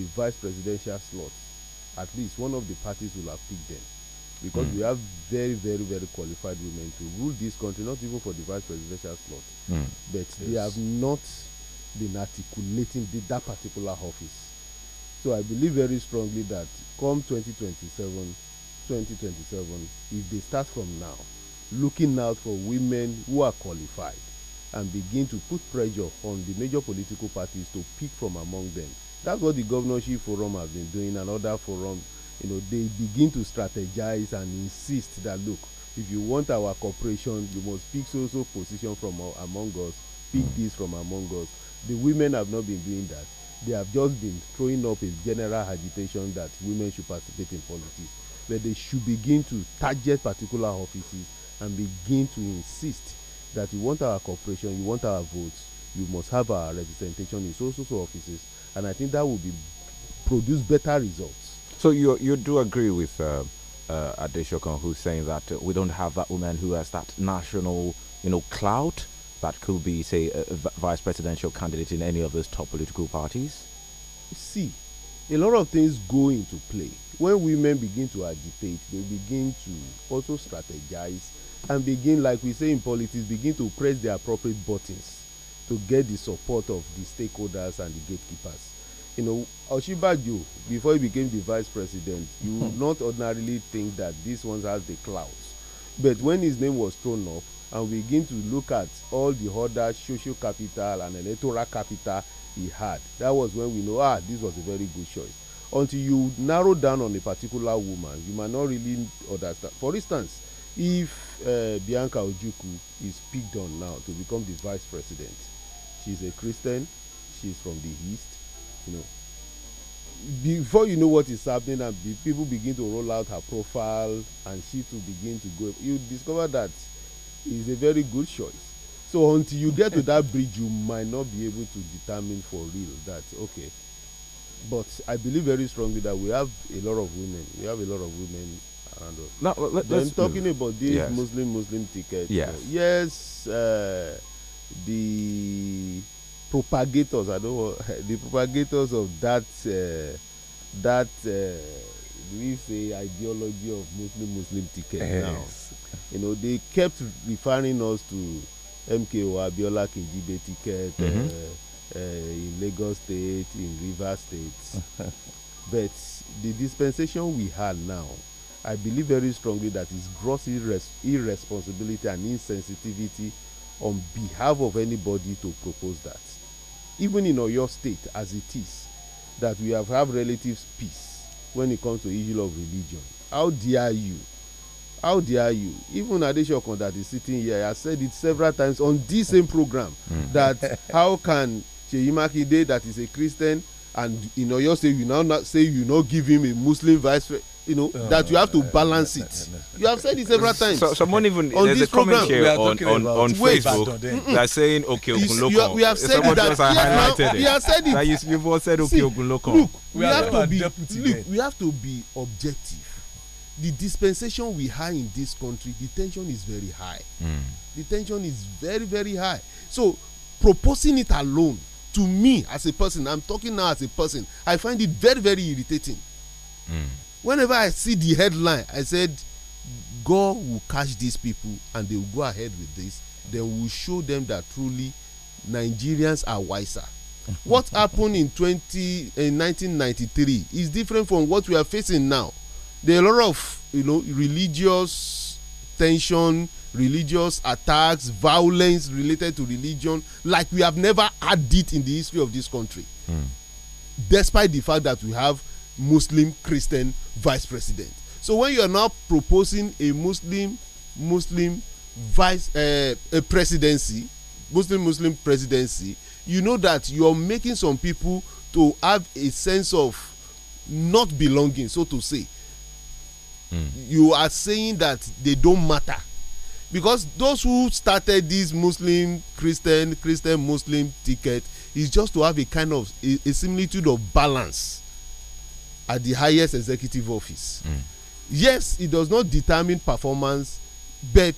the vice presidential slots, at least one of the parties will have picked them. Because mm. we have very, very, very qualified women to rule this country, not even for the vice presidential slot. Mm. But yes. they have not been articulating the, that particular office. So I believe very strongly that come 2027, 2027, if they start from now, looking out for women who are qualified and begin to put pressure on the major political parties to pick from among them, That's what the governorship forum has been doing and other forums. You know, they begin to strategize and insist that look, if you want our cooperation, you must pick so so position from among us, pick this from among us. The women have not been doing that. They have just been throwing up a general agitation that women should participate in politics. But they should begin to target particular offices and begin to insist that you want our cooperation, you want our votes, you must have our representation in so so so offices and I think that will be produce better results. So you you do agree with uh, uh, Adeshokan, who's saying that uh, we don't have that woman who has that national you know clout that could be say a, a vice presidential candidate in any of those top political parties. See, a lot of things go into play when women begin to agitate. They begin to also strategize and begin, like we say in politics, begin to press the appropriate buttons to get the support of the stakeholders and the gatekeepers. You know, Oshibajo, before he became the vice president, you would hmm. not ordinarily think that this one has the clout. But when his name was thrown up, and we begin to look at all the other social capital and electoral capital he had, that was when we know, ah, this was a very good choice. Until you narrow down on a particular woman, you might not really understand. For instance, if uh, Bianca Ojuku is picked on now to become the vice president, she's a christian she's from the east you know before you know what is happening and be, people begin to roll out her profile and she to begin to go you discover that is a very good choice so until you get to that bridge you might not be able to determine for real that okay but i believe very strongly that we have a lot of women we have a lot of women around us now let, us talking move. about this yes. muslim muslim ticket yes you know, yes uh, the propagators i don't want the propagators of that uh, that uh, we say ideology of muslim muslim ticket yes. now you know they kept referring us to mko abiola kinjibe ticket mm -hmm. uh, mm-hmm. uh, in lagos state in rivers state but the dispensation we had now i believe very strongly that it's gross irres irresponsibility and insensitivity on behalf of anybody to propose that. Even in Oyo State, as it is, that we have have relative peace when it comes to issue of religion. How dare you? How dare you? Even Adesokan that is sitting here has said it several times on this same program mm. that how can Seyi Makinde that is a Christian and in Oyo State you now say you not give him a Muslim vice you know uh, that you have to balance it you have said it several times so, someone even on this a here on, on, on facebook mm -mm. they're saying okay ogunloko we have said that now, we have said it you, you've said okay ogunloko look we, we have to be look, we have to be objective the dispensation we have in this country the tension is very high mm. the tension is very very high so proposing it alone to me as a person i'm talking now as a person i find it very very irritating mm. whenever i see the headline i said god will catch these people and they will go ahead with this they will show them that truly nigerians are wiser what happened in 20 in 1993 is different from what we are facing now there are a lot of you know religious tension religious attacks violence related to religion like we have never had it in the history of this country mm. despite the fact that we have muslim christian vice president so when you are now proposing a muslim muslim vice uh, a presidency muslim muslim presidency you know that you are making some people to have a sense of not belonging so to say mm. you are saying that they don't matter because those who started this muslim christian christian muslim ticket is just to have a kind of a, a similitude of balance at the highest executive office. Mm. Yes, it does not determine performance, but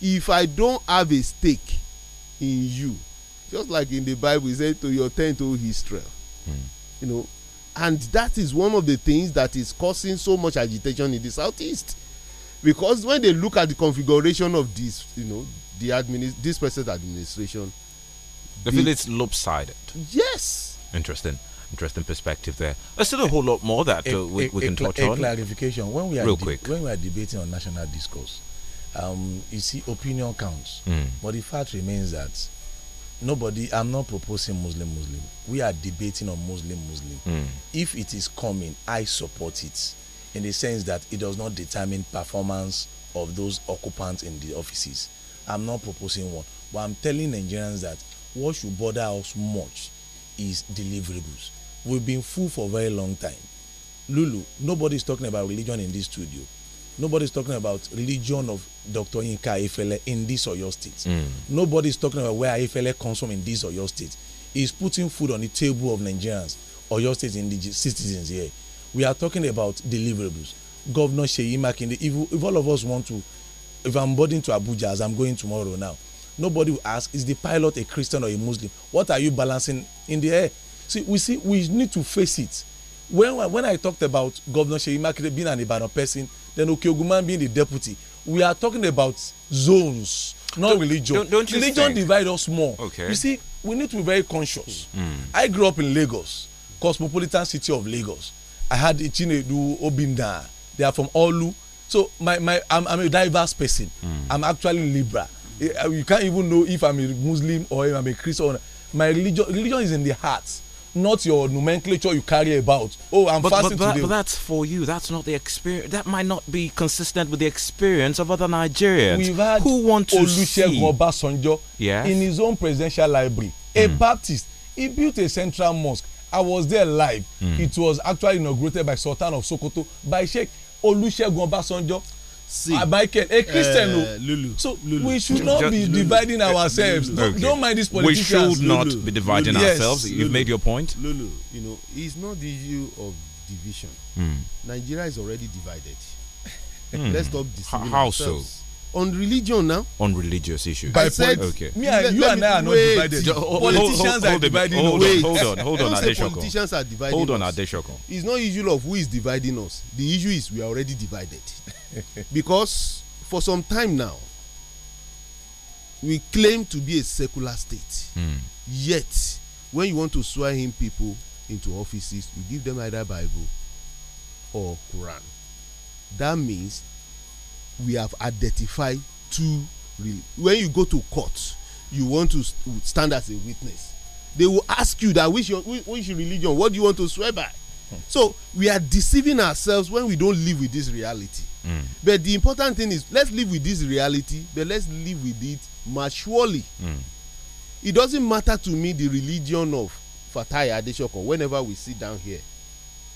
if I don't have a stake in you, just like in the Bible, it said to your tent, O Israel. Mm. You know, and that is one of the things that is causing so much agitation in the southeast because when they look at the configuration of this you know the admin this person's administration they, they feel it's lopsided yes interesting interesting perspective there. There's still a whole lot more that uh, we, we, can touch on. clarification: when we are real quick, when we are debating on national discourse, um, you see, opinion counts. Mm. But the fact remains that nobody. I'm not proposing Muslim Muslim. We are debating on Muslim Muslim. Mm. If it is coming, I support it, in the sense that it does not determine performance of those occupants in the offices. I'm not proposing one, but I'm telling Nigerians that what should bother us much is deliverables. We've been full for a very long time. Lulu, nobody's talking about religion in this studio. Nobody's talking about religion of Dr. Inka Efele in this or your state. Mm. Nobody's talking about where Efele comes from in this or your state. He's putting food on the table of Nigerians or your state citizens here. We are talking about deliverables. Governor Sheyi Makinde, if, if all of us want to, if I'm boarding to Abuja as I'm going tomorrow now, nobody will ask is the pilot a christian or a muslim what are you balancing in the air see we see we need to face it when when i talked about governor seyi makinde being an ibadan person then okeogunman being the deputy we are talking about zones not don't, religion don't, don't religion think? divide us more okay. you see we need to be very conscious mm. i grew up in lagos cosmopolitan city of lagos i had chinedu obinna they are from olu so my my i'm, I'm a diverse person mm. i'm actually liberal Eh, you can't even know if i'm a muslim or if i'm a christian my religion religion is in the heart not your nomenclature you carry about. Oh, I'm but, fasting but, but, today. But that's for you. That's not the experience. That might not be consistent with the experience of other Nigerians We've had who want to Olusegun Obasanjo yes. in his own presidential library. Mm. A hmm. Baptist. He built a central mosque. I was there live. Mm. It was actually inaugurated by Sultan of Sokoto by Sheikh Olusegun Obasanjo see uh, ah, Michael a Christian o eh, so Lulu. we should not Just, be Lulu. dividing ourselves Lulu. Okay. don't mind this politicians we should not Lulu. be dividing Lulu. ourselves yes. you've made your point. Lulu you know it's not the issue of division mm. Nigeria is already divided mm. let's stop this. how, how ourselves. so on religion now. On religious issues. By I said, okay. Me and you and I are not divided. Politicians are dividing us. Hold on, hold on, Adeshoko. Politicians are dividing Hold on, Adeshoko. It's not issue of who is dividing us. The issue is we are already divided. because for some time now, we claim to be a secular state. Mm. Yet, when you want to swear in people into offices, you give them either Bible or Quran. That means we have identified two real when you go to court you want to stand as a witness they will ask you that which your which religion what do you want to swear by hmm. so we are deceiving ourselves when we don't live with this reality mm. but the important thing is let's live with this reality but let's live with it maturely mm. it doesn't matter to me the religion of fatai adesoko whenever we sit down here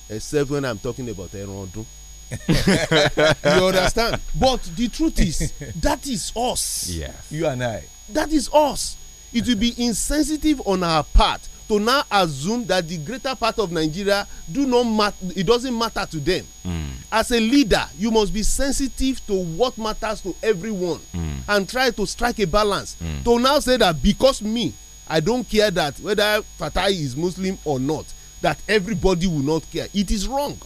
except when i'm talking about ẹran ọdún you understand? But the truth is, that is us. Yes. You and I. That is us. It will be insensitive on our part to now assume that the greater part of Nigeria do not matter. It doesn't matter to them. Mm. As a leader, you must be sensitive to what matters to everyone mm. and try to strike a balance. Mm. To now say that because me, I don't care that whether Fatai is Muslim or not, that everybody will not care. It is wrong.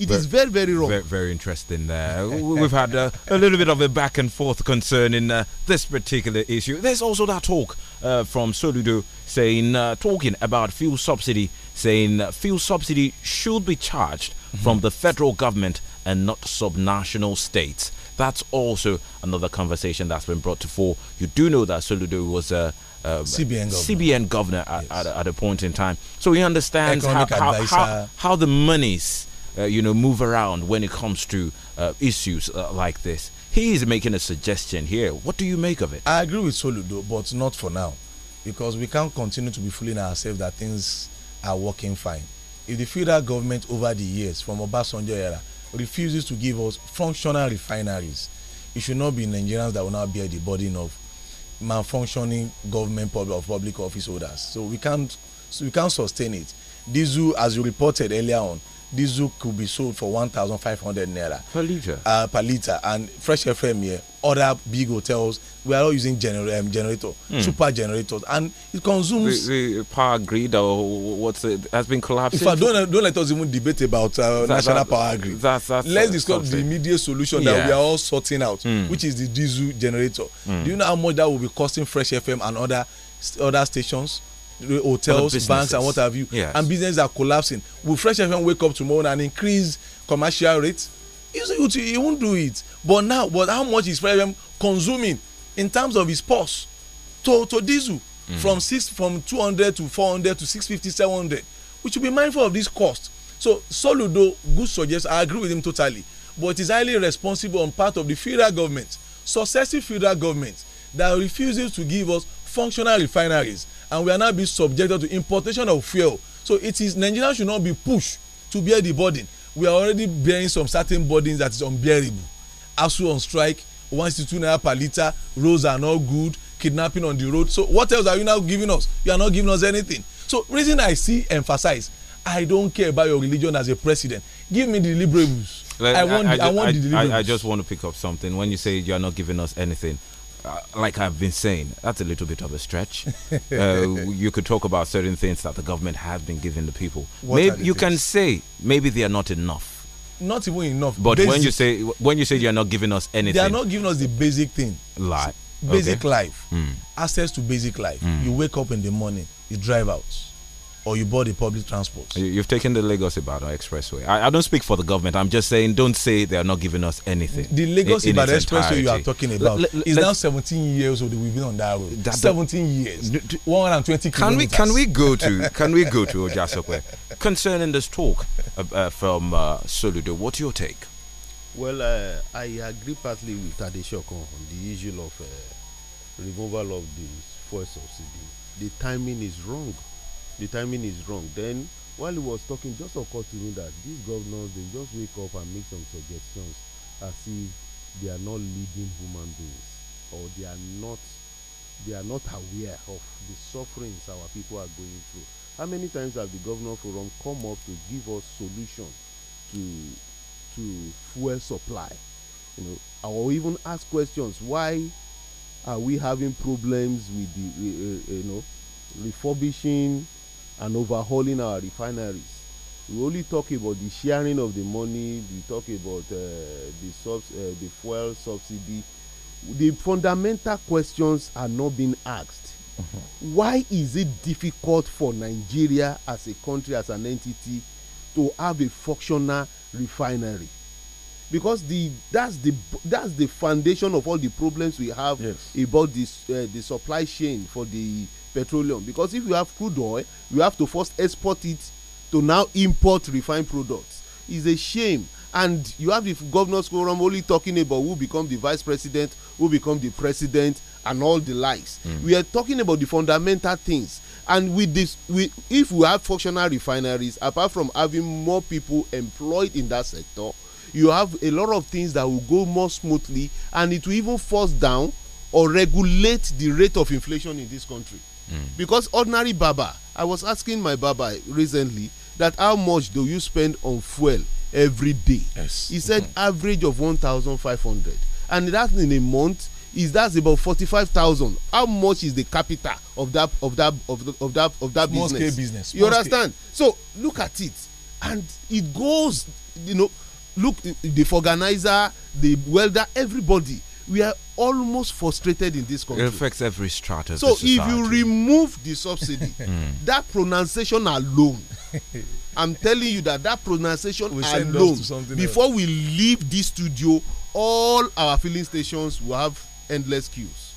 It very, is very, very wrong. Very, very interesting there. We've had uh, a little bit of a back and forth concerning uh, this particular issue. There's also that talk uh, from Soludo saying, uh, talking about fuel subsidy, saying fuel subsidy should be charged mm -hmm. from the federal government and not subnational states. That's also another conversation that's been brought to fore. You do know that Soludo was a uh, um, CBN governor, CBN governor at, yes. at, at, a point in time. So he understands how, how, how, how, the monies uh, you know, move around when it comes to uh, issues uh, like this. He is making a suggestion here. What do you make of it? I agree with Soludo, but not for now, because we can't continue to be fooling ourselves that things are working fine. If the federal government over the years, from Obasanjo era, refuses to give us functional refineries, it should not be Nigerians that will now bear the burden of malfunctioning government public of public office holders. So we can't so we can't sustain it. Diesel, as you reported earlier on, diesel could be sold for 1,500 naira per liter. Uh, per liter. And Fresh FM here, other big hotels, we are all using gener um, generator, mm. super generators, and it consumes. The, the, power grid or what's it has been collapsing. In fact, don't, don't let us even debate about uh, that, national that, power grid. That's that's uh, Let's discuss something. the immediate solution yeah. that we are all sorting out, mm. which is the diesel generator. Mm. Do you know how much that will be costing Fresh FM and other other stations? hotels, banks, and what have you, yes. and businesses are collapsing. Will Fresh FM wake up tomorrow and increase commercial rates? He won't do it. But now, but how much is Fresh FM consuming in terms of his pulse? to to diesel mm. from six from two hundred to four hundred to six fifty seven hundred? We should be mindful of this cost. So Soludo, good suggest. I agree with him totally. But it is highly responsible on part of the federal government, successive federal government, that refuses to give us functional refineries and we are now being subjected to importation of fuel so it is Nigerians should not be pushed to bear the burden we are already bearing some certain burdens that is unbearable asu on strike one sixty two naira per litre roads are not good kidnapping on the road so what else are you now giving us you are not giving us anything so reason i see emphasize i don't care about your religion as a president give me the deliverables. Like, I, want I, I, the, I, I want the deliverables. I, just want to pick up something when you say you are not giving us anything uh, like I've been saying, that's a little bit of a stretch. uh, you could talk about certain things that the government has been giving the people. What maybe you things? can say maybe they are not enough. Not even enough. But basic. when you say when you say you are not giving us anything, they are not giving us the basic thing. Lie. Basic okay. life, mm. access to basic life. Mm. You wake up in the morning, you drive out or you bought the public transport. You've taken the Lagos Ibadan Expressway. I, I, don't speak for the government. I'm just saying, don't say they are not giving us anything. The Lagos Ibadan Expressway you are talking about l is now 17 years old. We've been on that road. That 17 years, 120 can kilometers. We, can we go to Can we go to Ojasokwe concerning this talk uh, uh from uh, Soludo? What's your take? Well, uh, I agree partly with Adeshokon on the issue of uh, removal of the fuel subsidy. The timing is wrong the timing is wrong then while he was talking just occurred to me that these governors they just wake up and make some suggestions as if they are not leading human beings or they are not they are not aware of the sufferings our people are going through how many times have the governor forum come up to give us solution to to fuel supply you know or even ask questions why are we having problems with the uh, uh, you know refurbishing and overhauling our refineries. We only talk about the sharing of the money, we talk about uh, the, subs uh, the fuel subsidy. The fundamental questions are not being asked. Mm-hmm. Why is it difficult for Nigeria as a country, as an entity, to have a functional refinery? because the that's the that's the foundation of all the problems we have yes. about this uh, the supply chain for the petroleum because if you have crude oil you have to first export it to now import refined products is a shame and you have the governors forum only talking about who become the vice president who become the president and all the lies mm. we are talking about the fundamental things and with this we if we have functional refineries apart from having more people employed in that sector you have a lot of things that will go more smoothly and it will even force down or regulate the rate of inflation in this country Mm. Because ordinary Baba, I was asking my Baba recently that how much do you spend on fuel every day? Yes. He said mm -hmm. average of hundred, And that in a month is that's about forty-five thousand how much is the capital of that of that of, the, of that of that small business, scale business you understand scale. so look at it and it goes you know look the organizer the welder everybody we are almost frustrated in this country. It affects every strata. So if you remove the subsidy, hmm. that pronunciation alone, I'm telling you that that pronunciation we alone, before else. we leave this studio, all our filling stations will have endless queues.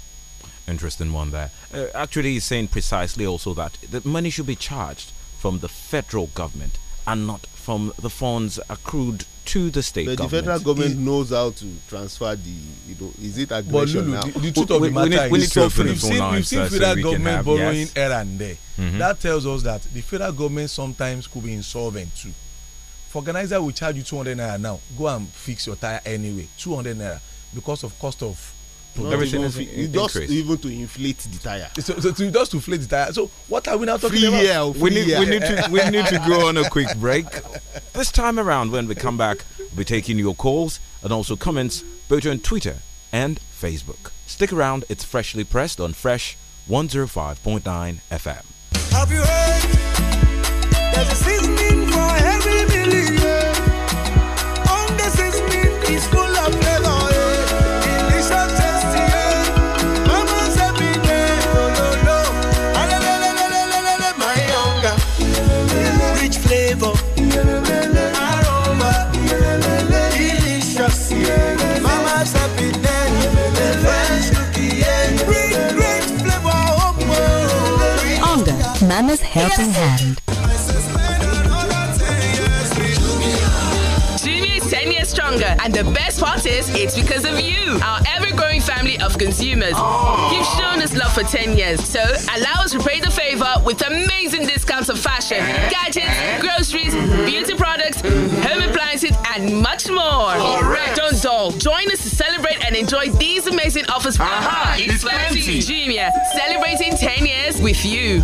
Interesting one there. Uh, actually, he's saying precisely also that the money should be charged from the federal government and not from the funds accrued to the state but government. the federal government it, knows how to transfer the you know is it aggression now. the, the truth we, of the matter we, is we we've, we've seen we've uh, seen federal government have, borrowing yes. here and there. Mm -hmm. that tells us that the federal government sometimes could be insolvent too. for organizer will charge you two hundred naira now go and fix your tire anyway two hundred naira because of cost of everything is you just increase. even to inflate the tire. So, so to, just to inflate the tire. So what are we now talking free about? we need we need to we need to go on a quick break. This time around, when we come back, we'll be taking your calls and also comments both on Twitter and Facebook. Stick around; it's freshly pressed on Fresh 105.9 FM. Mama's Helping Hand. is 10 years stronger, and the best part is it's because of you, our ever growing family of consumers. You've shown us love for 10 years, so allow us to pay the favor with amazing discounts of fashion, gadgets, groceries, mm-hmm. beauty products, mm-hmm. home appliances, and much more. Right. Don't dull. Join us to celebrate and enjoy these amazing offers. Ah, Aha, uh-huh, it's, it's plenty. Jumia, celebrating 10 years with you.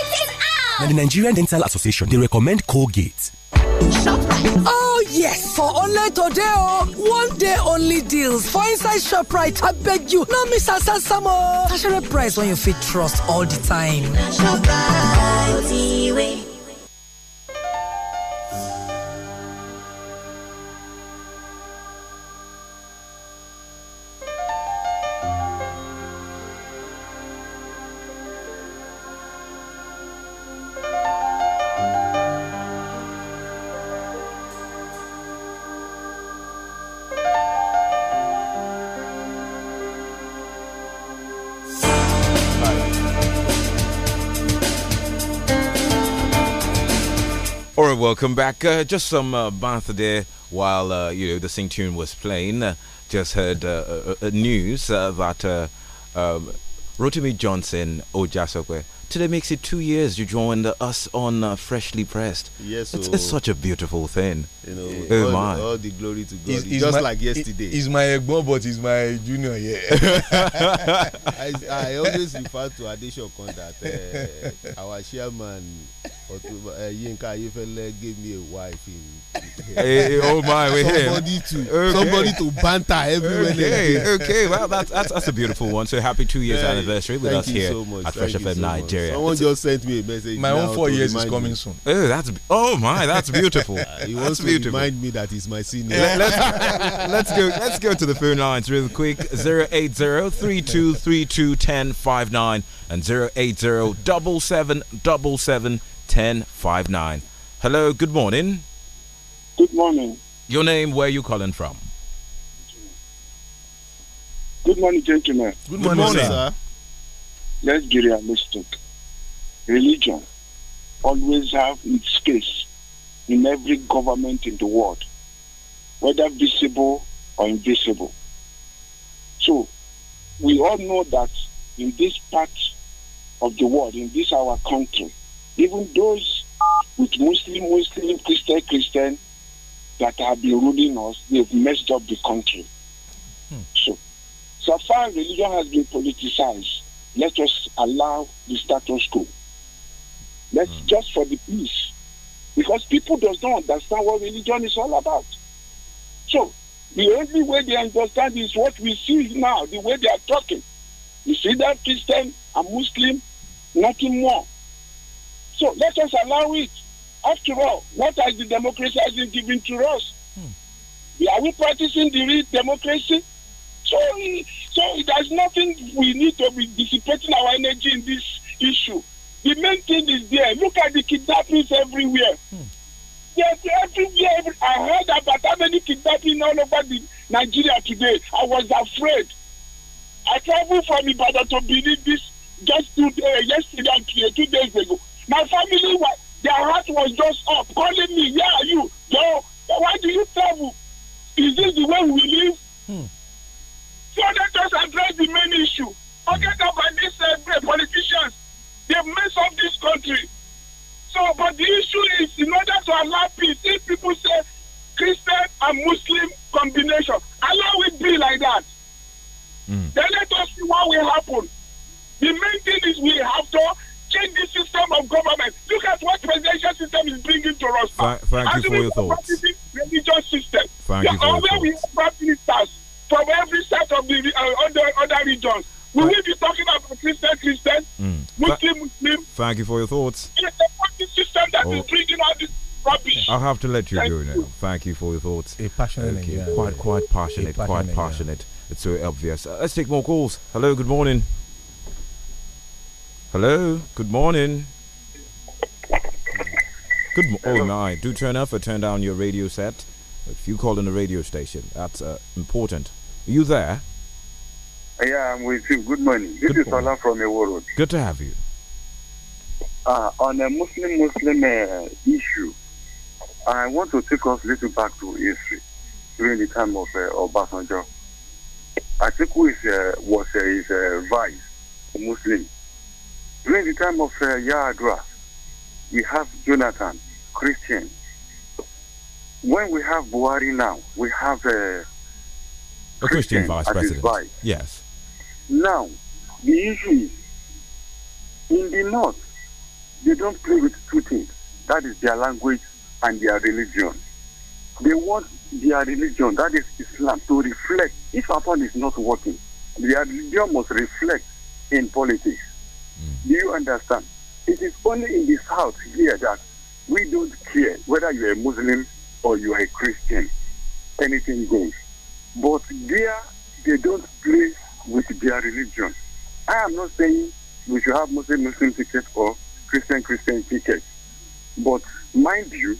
Now, the Nigerian Dental Association, they recommend Colgate. ShopRite. Oh yes, for only today oh, one day only deals for inside ShopRite. I beg you, no miss out some more. price when you fit trust all the time. ShopRite. welcome back. Uh, just some uh, banter there while uh, you know the sing tune was playing. Uh, just heard uh, uh, uh, news that um, Rotimi Johnson Ojasokwe today makes it two years you joined us on Freshly Pressed. Yes, it's, oh. it's such a beautiful thing you know yeah. all, all the glory to god he's, he's just my, like yesterday he's my egbon but he's my junior yeah I, I, always refer to adesokan that uh, our chairman uh, yinka ayefele gave me a wife in hey, oh my somebody to okay. somebody to banter everywhere okay okay well that's, that's, that's a beautiful one so happy two years hey, anniversary with us here so at fresh fm so nigeria someone it's just a, sent me a message my own four years is coming soon oh that's oh my that's beautiful uh, he wants that's Beautiful. remind me that he's my senior. let's, let's, go. Let's go to the phone lines real quick. Zero eight zero three two three two ten five nine and zero eight zero double seven double seven ten five nine. Hello. Good morning. Good morning. Your name? Where you calling from? Good morning, gentlemen. Good morning, Good morning sir. Let's be realistic. Religion always have its case in every government in the world, whether visible or invisible. So we all know that in this part of the world, in this our country, even those with Muslim, Muslim, Christian, Christian that have been ruling us, they've messed up the country. Hmm. So, so far religion has been politicized. Let us allow the status quo. Let's hmm. just for the peace because people does not understand what religion is all about. So the only way they understand is what we see now, the way they are talking. You see that Christian and Muslim, nothing more. So let us allow it. After all, what has the democracy has been given to us? Hmm. Are we practicing the real democracy? So, so there's nothing we need to be dissipating our energy in this issue. The main thing is there. Look at the kidnappings everywhere. Hmm. Yes, everywhere. Every, I heard about how many kidnapping all over the Nigeria today. I was afraid. I traveled from Ibadan to Benin this just two days, yesterday and two days ago. My family was their heart was just up, calling me, "Where are you, Why do you travel? Is this the way we live?" Hmm. So let us address the main issue. Forget about these uh, politicians. They mess up this country. So, but the issue is in order to allow peace, if people say Christian and Muslim combination, allow it be like that. Mm. Then let us see what will happen. The main thing is we have to change the system of government. Look at what presidential system is bringing to us. Now. thank As you for your thoughts. Religious system. Thank you for your thoughts. We have ministers from every side of the uh, other, other regions. We Will be talking about Christian, Christian, mm. Muslim, Muslim? Thank you for your thoughts. It's a fucking system that oh. is bringing all this rubbish. I'll have to let you Thank go now. Thank you for your thoughts. A passionate, okay. yeah. quite, quite passionate, passionate quite passionate. Yeah. It's so obvious. Uh, let's take more calls. Hello, good morning. Hello, good morning. Good mo Hello. Oh my! Do turn off or turn down your radio set. If you call in a radio station, that's uh, important. Are you there? Yeah, I'm with you. Good morning. This Good is from Good to have you. Uh, on a Muslim Muslim uh, issue, I want to take us a little back to history during the time of uh, Obasanjo. think who is uh, was uh, his uh, vice, Muslim. During the time of uh, Yadra, we have Jonathan, Christian. When we have Buhari now, we have uh, a Christian, Christian vice president. Vice. Yes. Now, the issue is in the north, they don't play with two things. That is their language and their religion. They want their religion, that is Islam, to reflect. If upon is not working, their religion must reflect in politics. Hmm. Do you understand? It is only in the south here that we don't care whether you're a Muslim or you're a Christian. Anything goes. But there, they don't play with their religion. I am not saying we should have Muslim Muslim tickets or Christian Christian tickets, but mind you,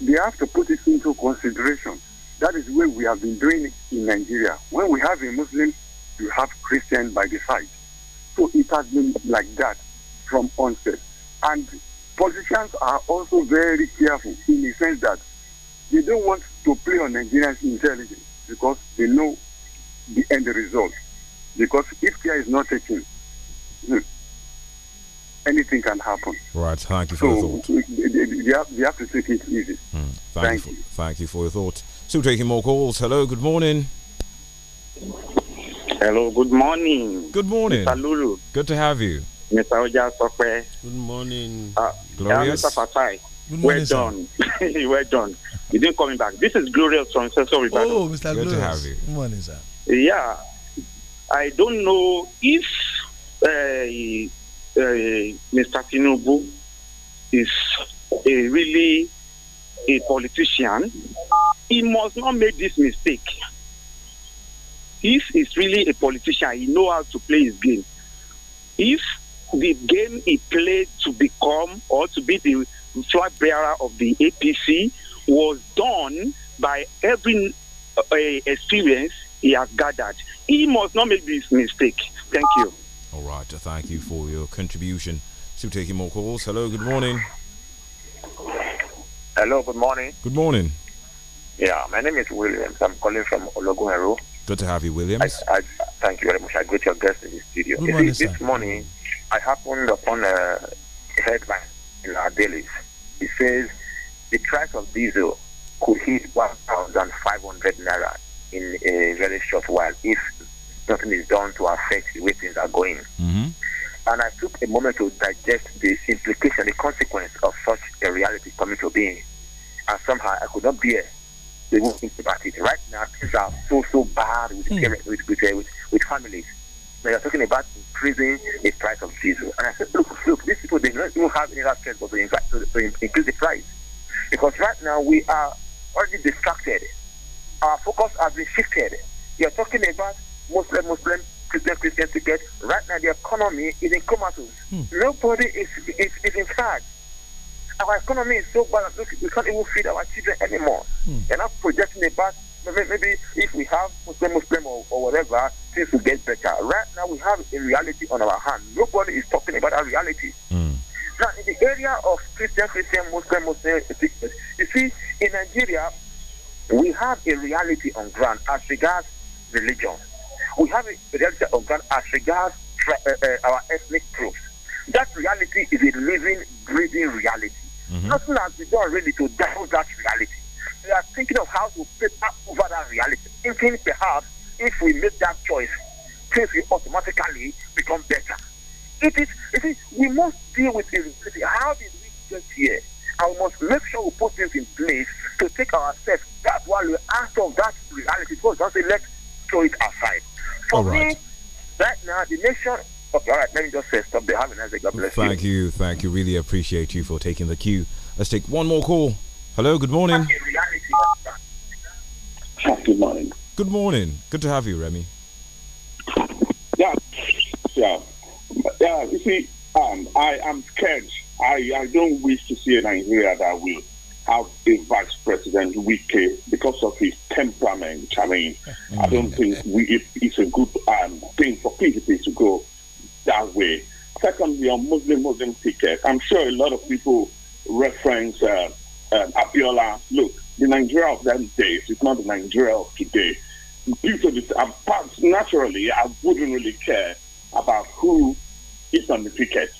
they have to put it into consideration. That is where we have been doing it in Nigeria. When we have a Muslim, you have Christian by the side. So it has been like that from onset. And politicians are also very careful in the sense that they don't want to play on Nigerians' intelligence because they know the end result. Because if there is no not hmm, anything can happen. Right. Thank you for so, your thought. They have, have to take it easy. Mm. Thank, thank you, for, you. Thank you for your thought. Still taking more calls. Hello. Good morning. Hello. Good morning. Good morning. Mr. Lulu. Good to have you. Mr. Oja Sokwe. Good morning. Uh, Glorious. Uh, Mr. Fatai. Good morning, well done. well done. You didn't coming back. This is Glorious from Sensor Ribado. Oh, Mr. Good Glorious. to have you. Good morning, sir. Yeah. I don't know if uh, uh Mr. Tinubu is a really a politician. He must not make this mistake. If he's really a politician, he know how to play his game. If the game he played to become or to be the flag bearer of the APC was done by every uh, experience he has gathered. He must not make this mistake. Thank you. All right. Thank you for your contribution. Still taking more calls. Hello. Good morning. Hello. Good morning. Good morning. Yeah, my name is Williams. I'm calling from Ologunero. Good to have you, Williams. I, I, thank you very much. I greet your guests in the studio. Good morning, see, this morning, I happened upon a headline in our dailies. It says the price of diesel could hit 1,500 naira in a very short while if nothing is done to affect the way things are going. Mm-hmm. And I took a moment to digest the implication, the consequence of such a reality coming to being. And somehow I could not bear the way think about it. Right now, things are so, so bad with, mm parents, with, with, uh, with, with families. Now you're talking about increasing the price of diesel. And I said, look, look, these people, they don't have any other choice but to, to, to increase the price. Because right now we are already distracted our focus has been shifted. You're talking about Muslim, Muslim, Christian, Christian to get right now the economy is in comatose. Hmm. Nobody is, is, is in charge. Our economy is so bad that we can't even feed our children anymore. Hmm. You're not projecting about maybe if we have Muslim, Muslim or, or whatever, things will get better. Right now we have a reality on our hand. Nobody is talking about our reality. Hmm. Now in the area of Christian, Christian, Muslim, Muslim, you see in Nigeria we have a reality on ground as regards religion. We have a reality on ground as regards uh, uh, our ethnic groups. That reality is a living, breathing reality. Mm -hmm. Nothing has been done really to with that reality. We are thinking of how to paper over that reality, thinking perhaps if we make that choice, things will automatically become better. It is, it is, we must deal with reality. How did we get here? I must make sure we put things in place to take ourselves that one way out of that reality because don't say let's throw it aside. For All right. me, right now the nation Okay, all right, let me just say stop there. Have a nice day. God bless thank you. you. Thank you. Really appreciate you for taking the cue. Let's take one more call. Hello, good morning. Good morning. Good morning. Good to have you, Remy. Yeah, yeah, yeah. You see, um, I am scared I, I don't wish to see a Nigeria that will have a vice president Wike because of his temperament. I mean, I don't think we, it, it's a good um, thing for PDP to go that way. Secondly, on Muslim Muslim ticket, I'm sure a lot of people reference uh, um, Abiola. Look, the Nigeria of that day is not the Nigeria of today. Due to this, but um, naturally, I wouldn't really care about who is on the ticket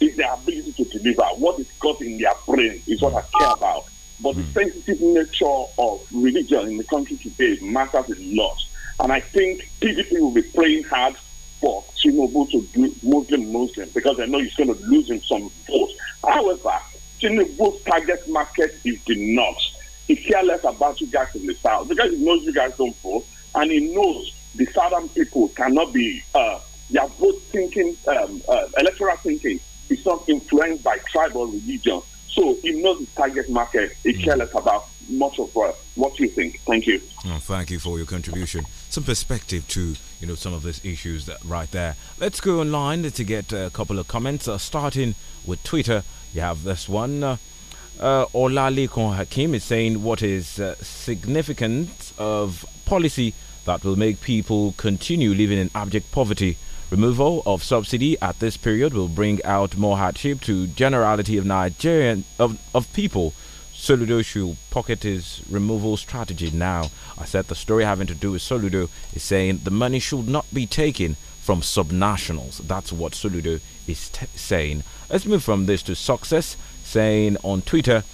is their ability to deliver. What is got in their brain is what I care about. But mm. the hmm. sensitive nature of religion in the country today matters a lot. And I think PDP will be praying hard for Tinubu to do Muslim Muslim because I know he's going to lose him some votes. However, Tinubu's target market is the North. He cares less about you guys in the South because he knows you guys don't vote and he knows the Southern people cannot be, uh, their vote thinking, um, uh, electoral thinking it's not influenced by tribal religion. So he knows his target market. He mm. cares about much of what, what you think. Thank you. Oh, thank you for your contribution. Some perspective to you know some of these issues that right there. Let's go online to get a couple of comments. Uh, starting with Twitter, you have this one. Uh, uh, Olalikon Hakim is saying, What is uh, of policy that will make people continue living in abject poverty Removal of subsidy at this period will bring out more hardship to generality of Nigerian of, of people. Soludo should pocket his removal strategy now. I said the story having to do with Soludo is saying the money should not be taken from subnationals. That's what Soludo is saying. Let's move from this to success, saying on Twitter,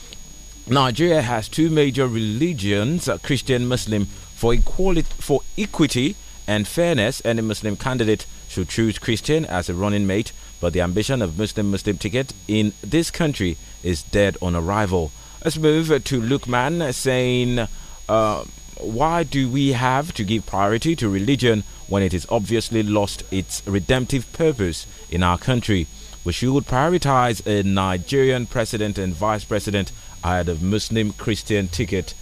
Nigeria has two major religions, Christian Muslim, for equality, for equity and fairness. Any Muslim candidate should choose Christian as a running mate, but the ambition of Muslim Muslim ticket in this country is dead on arrival. Let's move to Lukman saying, uh, Why do we have to give priority to religion when it has obviously lost its redemptive purpose in our country? you would prioritize a Nigerian president and vice president ahead of Muslim Christian ticket.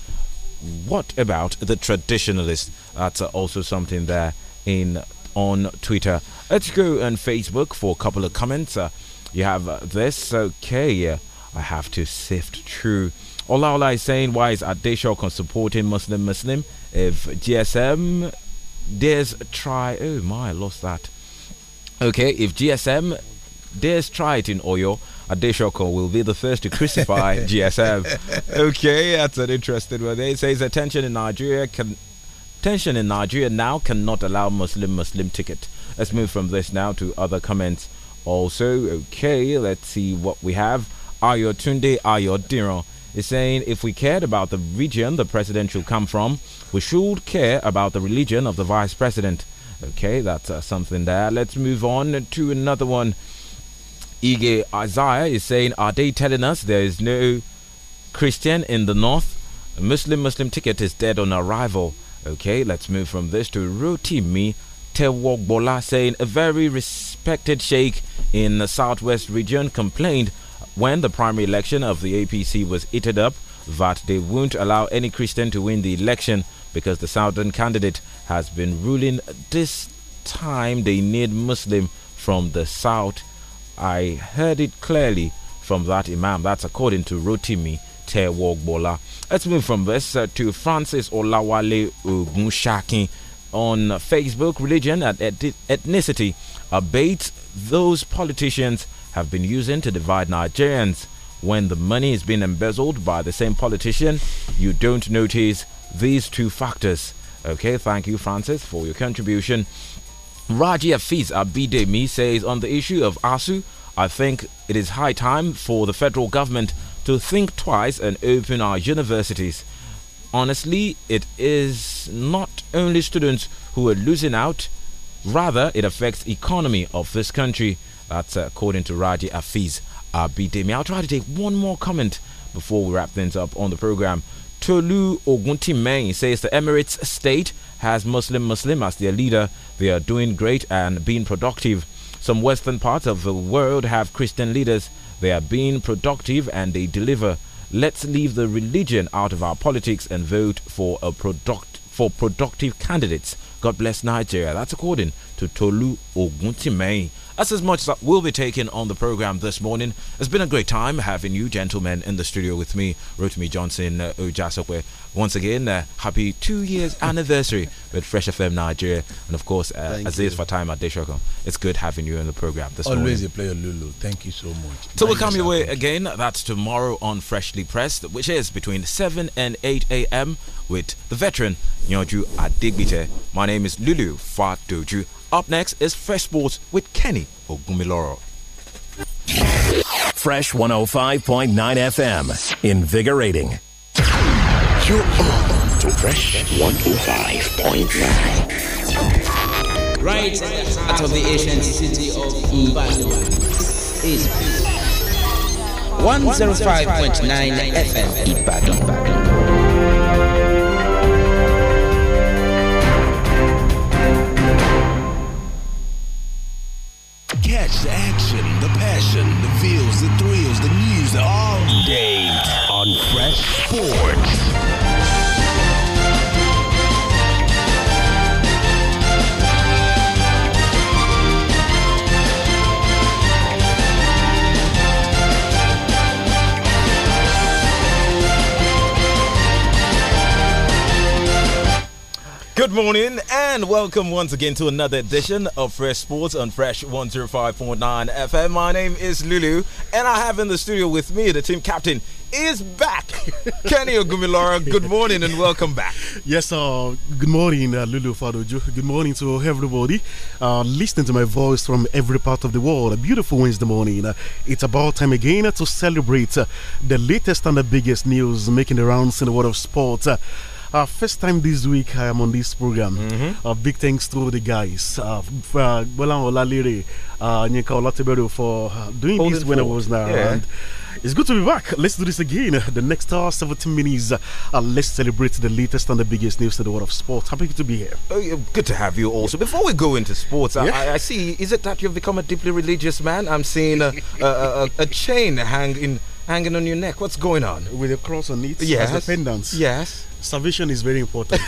What about the traditionalists? That's also something there in on Twitter. Let's go on Facebook for a couple of comments. Uh, you have uh, this. Okay, uh, I have to sift through. Ola Ola is saying, why is Adeshok on supporting Muslim Muslim? If GSM dares try... Oh my, I lost that. Okay, if GSM dares try it in Oyo, Adeshoko will be the first to crucify GSM. Okay, that's an interesting one. It says, attention in Nigeria can Tension in Nigeria now cannot allow Muslim Muslim ticket. Let's move from this now to other comments. Also, okay, let's see what we have. Ayotunde Ayodiro is saying if we cared about the region the president should come from, we should care about the religion of the vice president. Okay, that's uh, something there. Let's move on to another one. Ige Isaiah is saying, Are they telling us there is no Christian in the north? A Muslim Muslim ticket is dead on arrival. Okay, let's move from this to Rotimi Tewogbola saying a very respected sheikh in the southwest region complained when the primary election of the APC was heated up that they won't allow any Christian to win the election because the southern candidate has been ruling this time they need Muslim from the south. I heard it clearly from that imam. That's according to Rotimi Let's move from this uh, to Francis Olawale Ogunshakin on Facebook. Religion and ethnicity are those politicians have been using to divide Nigerians. When the money is being embezzled by the same politician, you don't notice these two factors. Okay, thank you, Francis, for your contribution. Raji Afiz Abidemi says on the issue of ASU, I think it is high time for the federal government to think twice and open our universities. Honestly, it is not only students who are losing out, rather it affects economy of this country. That's according to Raji Afiz Abidemi. I'll try to take one more comment before we wrap things up on the program. Tolu Oguntimeng says the Emirates state has Muslim Muslim as their leader. They are doing great and being productive. Some Western parts of the world have Christian leaders they are being productive and they deliver. Let's leave the religion out of our politics and vote for a product for productive candidates. God bless Nigeria. That's according to Tolu Oguntimei. That's as much as we will be taking on the program this morning. It's been a great time having you gentlemen in the studio with me, Rotimi Johnson uh, Once again, uh, happy two years anniversary with Fresh FM Nigeria, and of course, uh, Aziz Fatima Deshokon. It's good having you in the program this Always morning. Always a pleasure, Lulu. Thank you so much. So we'll come your way again. That's tomorrow on Freshly Pressed, which is between 7 and 8 a.m. with the veteran Nyoju Adigbite. My name is Lulu Fatoju. Up next is Fresh Sports with Kenny Ogumiloro. Fresh 105.9 FM. Invigorating. You're on to Fresh 105.9. Right out of the ancient city of Ibadan is 105.9 FM Ibadan. the action, the passion, the feels, the thrills, the news, the all day on Fresh Sports. Good morning and welcome once again to another edition of Fresh Sports on Fresh 105.9 FM. My name is Lulu and I have in the studio with me the team captain is back. Kenny Ogumilora, good morning and welcome back. Yes, uh, good morning, uh, Lulu Fadoju. Good morning to everybody uh, listening to my voice from every part of the world. A beautiful Wednesday morning. Uh, it's about time again to celebrate uh, the latest and the biggest news making the rounds in the world of sports. Uh, uh, first time this week I am on this program. Mm -hmm. uh, big thanks to all the guys, uh, uh Olalire, Olalere, uh, Nyeka Olatebero for uh, doing this when forward. I was there. Yeah. And it's good to be back. Let's do this again. The next hour, 17 minutes. Uh, let's celebrate the latest and the biggest news in the world of sports. Happy to be here. Oh, good to have you also. Before we go into sports, yeah. I, I, see, is it that you've become a deeply religious man? I'm seeing a, a, a, a chain hang in, hanging on your neck. What's going on? With a cross on it. Yes. As a pendant. Yes. Salvation is very important.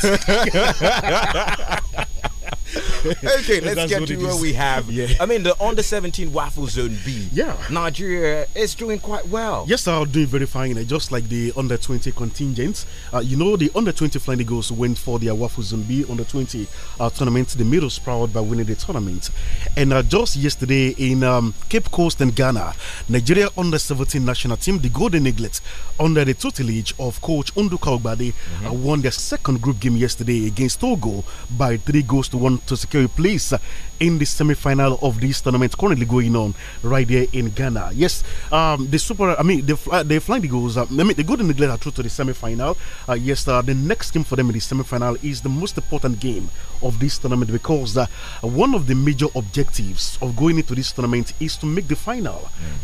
okay, let's get to what we have. Yeah. I mean, the under 17 Waffle Zone B. Yeah. Nigeria is doing quite well. Yes, I'll do very fine. Just like the under 20 contingents. Uh, you know, the under 20 Flying Eagles went for their Waffle Zone B under 20 uh, tournament. The middle proud by winning the tournament. And uh, just yesterday in um, Cape Coast and Ghana, Nigeria under 17 national team, the Golden Eaglets, under the tutelage of coach Unduka Ogbade, mm -hmm. won their second group game yesterday against Togo by three goals to one to secure a place in the semi-final of this tournament currently going on right there in Ghana. Yes, um, the super, I mean, the uh, the Flying Eagles, uh, I mean, the Golden Eagles are to the semi-final. Uh, yes, uh, the next game for them in the semi-final is the most important game of this tournament because uh, one of the major objectives of going into this tournament is to make the final.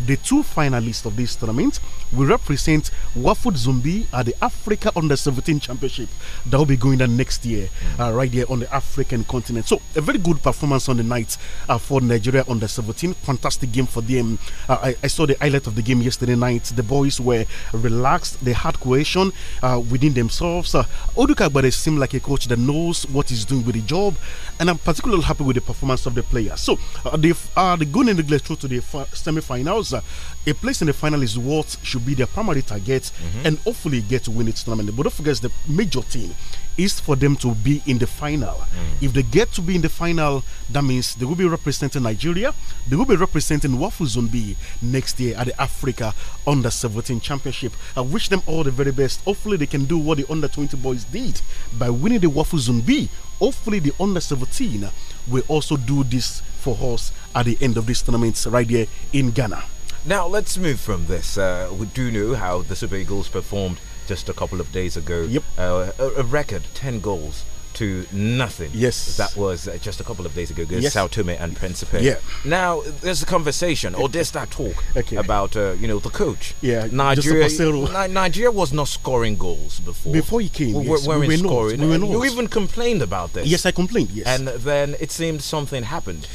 Mm. The two finalists of this tournament will represent Wafud Zumbi at the Africa Under 17 Championship that will be going on next year, mm. Uh, right there on the African continent continent. So, a very good performance on the night uh, for Nigeria under 17. Fantastic game for them. Uh, I, I, saw the highlight of the game yesterday night. The boys were relaxed, they had cohesion uh, within themselves. Uh, Oduka Bade seemed like a coach that knows what he's doing with the job, and I'm particularly happy with the performance of the players. So, they uh, are the uh, the neglect through to the semi finals. Uh, a place in the final is what should be their primary target, mm -hmm. and hopefully get to win its tournament. But don't forget, the major thing is for them to be in the final. Mm. If they get to be in the final, that means they will be representing Nigeria. They will be representing Waffle Zone B next year at the Africa Under 17 Championship. I wish them all the very best. Hopefully, they can do what the Under 20 boys did by winning the Waffle Zone B. Hopefully, the Under 17 will also do this for us at the end of this tournament right here in Ghana. Now, let's move from this. Uh, we do know how the Super Eagles performed just a couple of days ago. Yep. Uh, a, a, record, 10 goals to nothing. Yes. That was uh, just a couple of days ago against yes. Sao Tome and Principe. Yeah. Now, there's a conversation, or there's that talk okay. about, uh, you know, the coach. Yeah, Nigeria, Ni Nigeria was not scoring goals before. Before he came, we, yes. we were scoring. Not, we were not. You even complained about this. Yes, I complained, yes. And then it seemed something happened.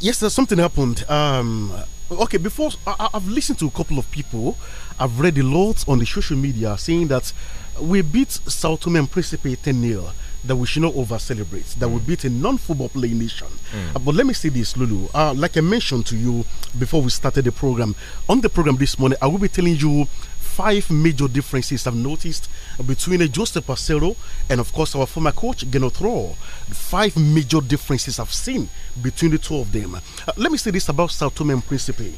Yes, something happened. Um, okay, before, I, I've listened to a couple of people I've read a lot on the social media saying that we beat Sao Tome and Principe 10 0 that we should not over celebrate, that mm. we beat a non football playing nation. Mm. Uh, but let me say this, Lulu. Uh, like I mentioned to you before we started the program, on the program this morning, I will be telling you five major differences I've noticed between uh, Joseph Pacero and, of course, our former coach, Genot Rohr. Five major differences I've seen between the two of them. Uh, let me say this about Sao Tome and Principe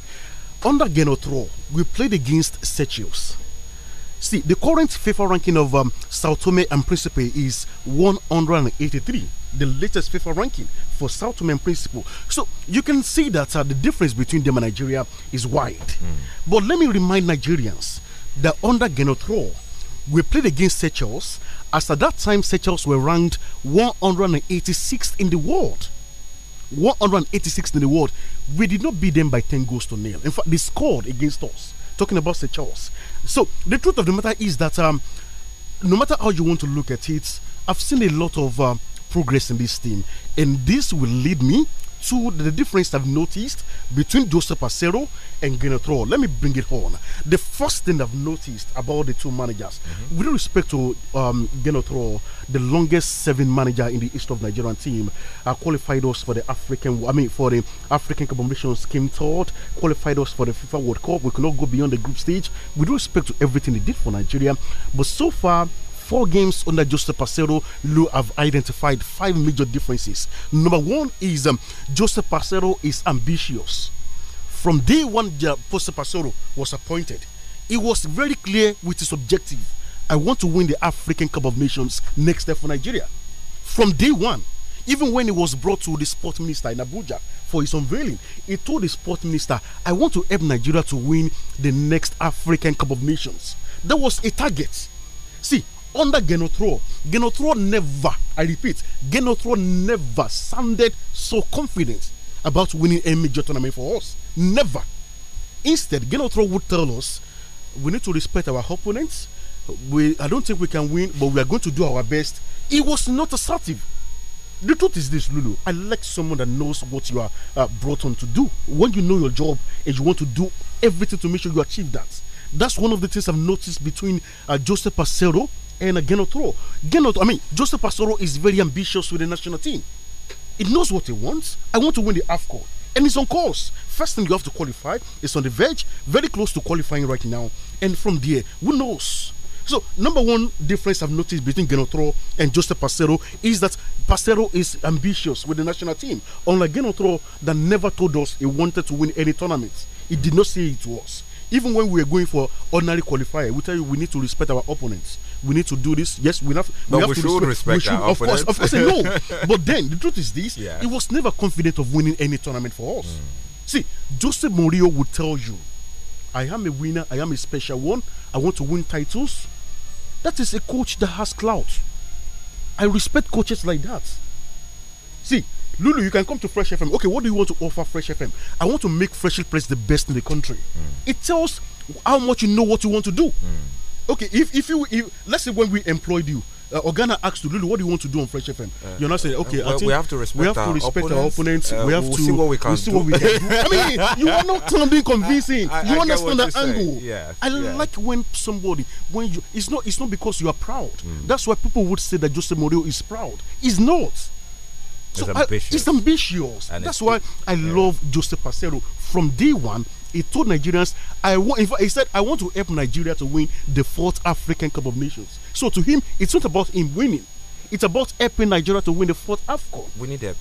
under Genotro, we played against Setios. See, the current FIFA ranking of um, Sao Tome and Principe is 183, the latest FIFA ranking for Sao Tome and Principe. So you can see that uh, the difference between them and Nigeria is wide. Mm. But let me remind Nigerians that under Genotro, we played against Seychelles. As at that time, Seychelles were ranked 186th in the world. 186 in the world. We did not beat them by 10 goals to nil. In fact, they scored against us. Talking about St. Charles. So, the truth of the matter is that um, no matter how you want to look at it, I've seen a lot of um, progress in this team. And this will lead me to the difference I've noticed between Joseph Acero and Genetro. Let me bring it on. The first thing I've noticed about the two managers, mm -hmm. with respect to um, Genetro, the longest serving manager in the east of Nigerian team, uh, qualified us for the African, I mean, for the African Competition Scheme Tour, qualified us for the FIFA World Cup. We could not go beyond the group stage with respect to everything he did for Nigeria. But so far, four games under Joseph Parcero, Lou have identified five major differences. Number one is um, Jose is ambitious. From day one, Joseph Parcero was appointed. It was very clear with his objective. I want to win the African Cup of Nations next step for Nigeria. From day one, even when he was brought to the sport minister in Abuja for his unveiling, he told the sport minister, I want to help Nigeria to win the next African Cup of Nations. That was a target. See, under Genotro. Genotro never, I repeat, Genotro never sounded so confident about winning a major tournament for us. Never. Instead, Genotro would tell us we need to respect our opponents. We, I don't think we can win, but we are going to do our best. It was not assertive. The truth is this, Lulu. I like someone that knows what you are uh, brought on to do. When you know your job and you want to do everything to make sure you achieve that. That's one of the things I've noticed between uh, Joseph Pacero and uh, Genotro. Genotro, I mean, Joseph Pastoro is very ambitious with the national team. It knows what he wants. I want to win the AFCO. And it's on course. First thing you have to qualify. is on the verge, very close to qualifying right now. And from there, who knows? So, number one difference I've noticed between Genotro and Joseph Pastero is that Pastero is ambitious with the national team, unlike Genotro that never told us he wanted to win any tournament. He did not say it to us. Even when we were going for ordinary qualifier, we tell you we need to respect our opponents we need to do this. Yes, we have. No, we, have we to should respect, respect we should, Of course, of course, no. But then the truth is this: yeah. he was never confident of winning any tournament for us. Mm. See, Jose Mourinho would tell you, "I am a winner. I am a special one. I want to win titles." That is a coach that has clout. I respect coaches like that. See, Lulu, you can come to Fresh FM. Okay, what do you want to offer Fresh FM? I want to make Fresh Press the best in the country. Mm. It tells how much you know what you want to do. Mm okay, if if you if, let's say when we employed you, uh, Organa asked you, Lulu, what do you want to do on Fresh FM? Uh, You're not saying, uh, okay, well, we have to respect, we have to respect our opponents. Uh, we have we'll to see what we can, we'll see do. What we can I mean, you are not being convincing. I, I, you I understand the angle. Yeah, I yeah. like when somebody, when you, it's not, it's not because you are proud. Mm. That's why people would say that Jose Mourinho is proud. He's not. So it's ambitious. it's ambitious. And That's it's why I yeah. love Jose Pacero from day one he told Nigerians, I want, in fact, he said, I want to help Nigeria to win the fourth African Cup of Nations. So to him, it's not about him winning. It's about helping Nigeria to win the fourth AFCON. We need help.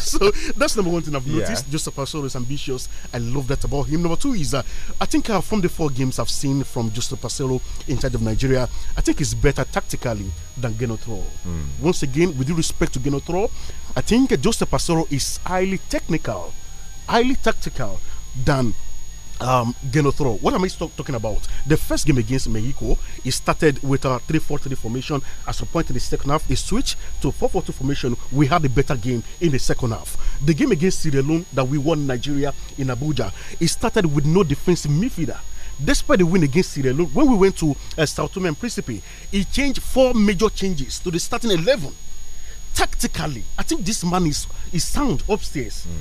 so that's number one thing I've noticed. Yeah. Joseph is ambitious. I love that about him. Number two is, uh, I think uh, from the four games I've seen from Joseph Asoro inside of Nigeria, I think he's better tactically than Genotro. Mm. Once again, with due respect to Genotro, I think uh, Joseph is highly technical highly tactical than um, throw. What am I talking about? The first game against Mexico, is started with a 3 4 3 formation. As a point in the second half, it switched to 4 4 2 formation. We had a better game in the second half. The game against Sierra Leone that we won Nigeria in Abuja, it started with no defensive midfielder despite the win against Sierra Leone, when we went to uh, South Tome and Principe, he changed four major changes to the starting 11. Tactically, I think this man is, is sound upstairs. Mm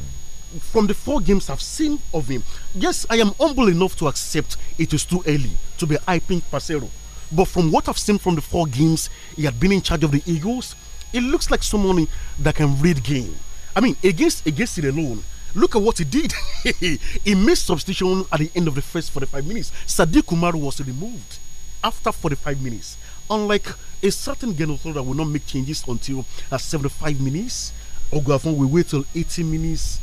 from the four games I've seen of him, yes, I am humble enough to accept it is too early to be hyping Pacero. But from what I've seen from the four games he had been in charge of the Eagles, it looks like someone that can read game. I mean, against against it alone, look at what he did. he made substitution at the end of the first 45 minutes. Sadiq Kumar was removed after 45 minutes. Unlike a certain Genotho that will not make changes until at 75 minutes, Ogafon will wait till 80 minutes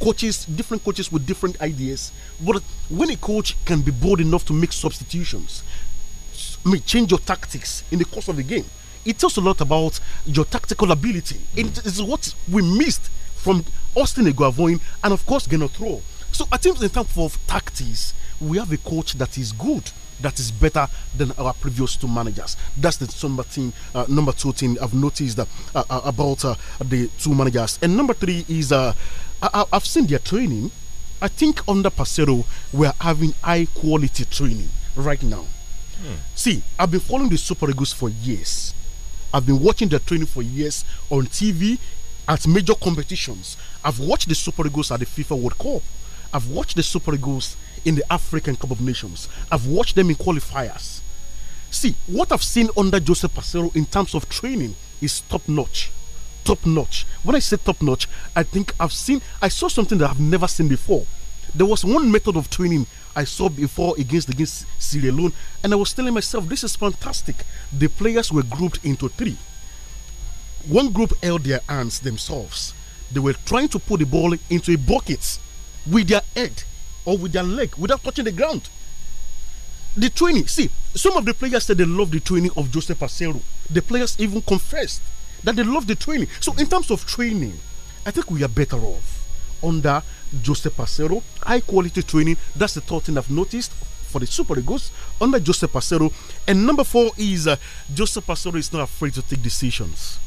coaches, different coaches with different ideas. But when a coach can be bold enough to make substitutions, I mean, change your tactics in the course of the game, it tells a lot about your tactical ability. Mm. It is what we missed from Austin Eguavoin and, of course, Genotro. So I think in terms of tactics, we have a coach that is good that is better than our previous two managers. That's the number thing, uh, number two team I've noticed uh, uh, about uh, the two managers. And number three is uh, I, have seen their training. I think under Pacero, we are having high quality training right now. Hmm. See, I've been following the Super Eagles for years. I've been watching their training for years on TV at major competitions. I've watched the Super Eagles at the FIFA World Cup. I've watched the Super Eagles in the African Cup of Nations. I've watched them in qualifiers. See, what I've seen under Joseph Pacero in terms of training is top notch top notch. When I say top notch, I think I've seen, I saw something that I've never seen before. There was one method of training I saw before against against Sierra Leone, and I was telling myself, this is fantastic. The players were grouped into three. One group held their hands themselves. They were trying to put the ball into a bucket with their head or with their leg without touching the ground the training. See, some of the players said they love the training of Joseph Acero. The players even confessed that they love the training. So, in terms of training, I think we are better off under Joseph Pacero. High quality training. That's the third thing I've noticed for the Super Eagles under Joseph Pacero. And number four is uh, Joseph Pacero is not afraid to take decisions.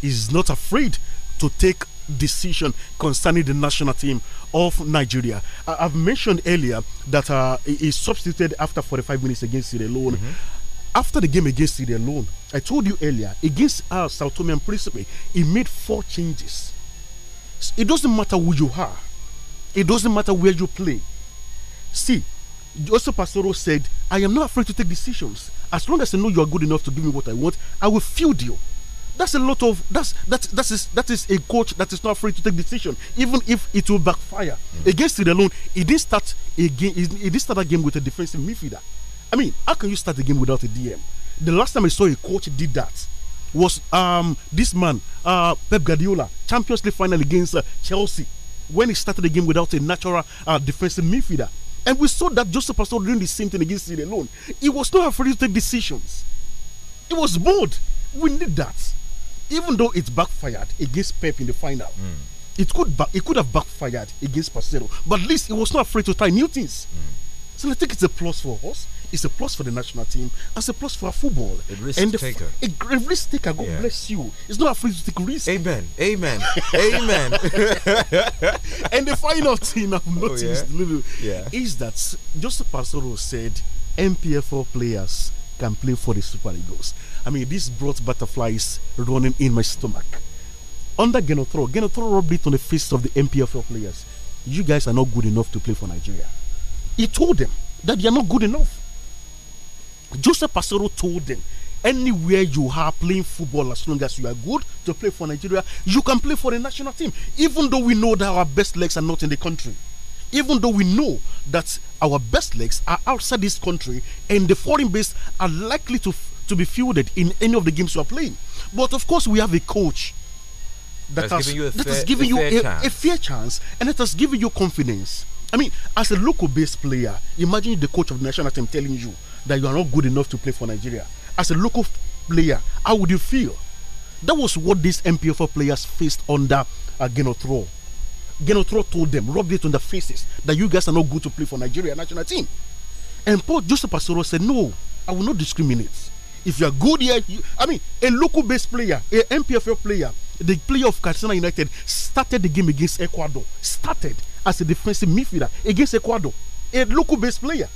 He's not afraid to take decision concerning the national team of Nigeria. I, have mentioned earlier that uh, he, substituted after 45 minutes against Sierra Leone. Mm -hmm after the game against City alone, I told you earlier, against our South Tome principle, he made four changes. It doesn't matter who you are, it doesn't matter where you play. See, Joseph Pastoro said, I am not afraid to take decisions. As long as I know you are good enough to give me what I want, I will field you. That's a lot of that's that that is that is a coach that is not afraid to take decision, even if it will backfire. Mm Against it alone, he didn't start again he didn't start a game with a defensive midfielder. I mean, how can you start the game without a DM? The last time I saw a coach did that was um, this man, uh, Pep Guardiola, Champions League final against uh, Chelsea, when he started the game without a natural uh, defensive midfielder. And we saw that Joseph Pastor doing the same thing against City alone. He was not afraid to take decisions. It was bold. We need that. Even though it backfired against Pep in the final, mm. it could it could have backfired against Pacero. But at least he was not afraid to try new things. Mm. So I think it's a plus for us. It's a plus for the national team. It's a plus for our football. A risk and taker. A, a risk taker. God yeah. bless you. It's not afraid to take risk. Amen. Amen. Amen. and the final thing I've oh, noticed oh, yeah? Little, yeah. is that Joseph Pastoro said MPFO players can play for the Super Eagles. I mean, this brought butterflies running in my stomach. Under Genotro, Genotro rubbed it on the face of the MPFL players. You guys are not good enough to play for Nigeria. He told them that you are not good enough. Joseph Pasero told them, anywhere you are playing football, as long as you are good to play for Nigeria, you can play for the national team. Even though we know that our best legs are not in the country, even though we know that our best legs are outside this country and the foreign base are likely to to be fielded in any of the games we are playing. But of course, we have a coach that has, you, a that fair, has given a you fair a, a, fair chance and that has given you confidence. I mean, as a local based player, imagine the coach of the national team telling you that you are not good enough to play for Nigeria, as a local player, how would you feel? That was what these MPFL players faced under uh, Genotro. Genotro told them, rubbed it on their faces, that you guys are not good to play for Nigeria national team. And Paul Joseph Pasoro said, No, I will not discriminate. If you are good here, you, I mean, a local based player, a MPFL player, the player of Katsina United started the game against Ecuador, started as a defensive midfielder against Ecuador, a local based player.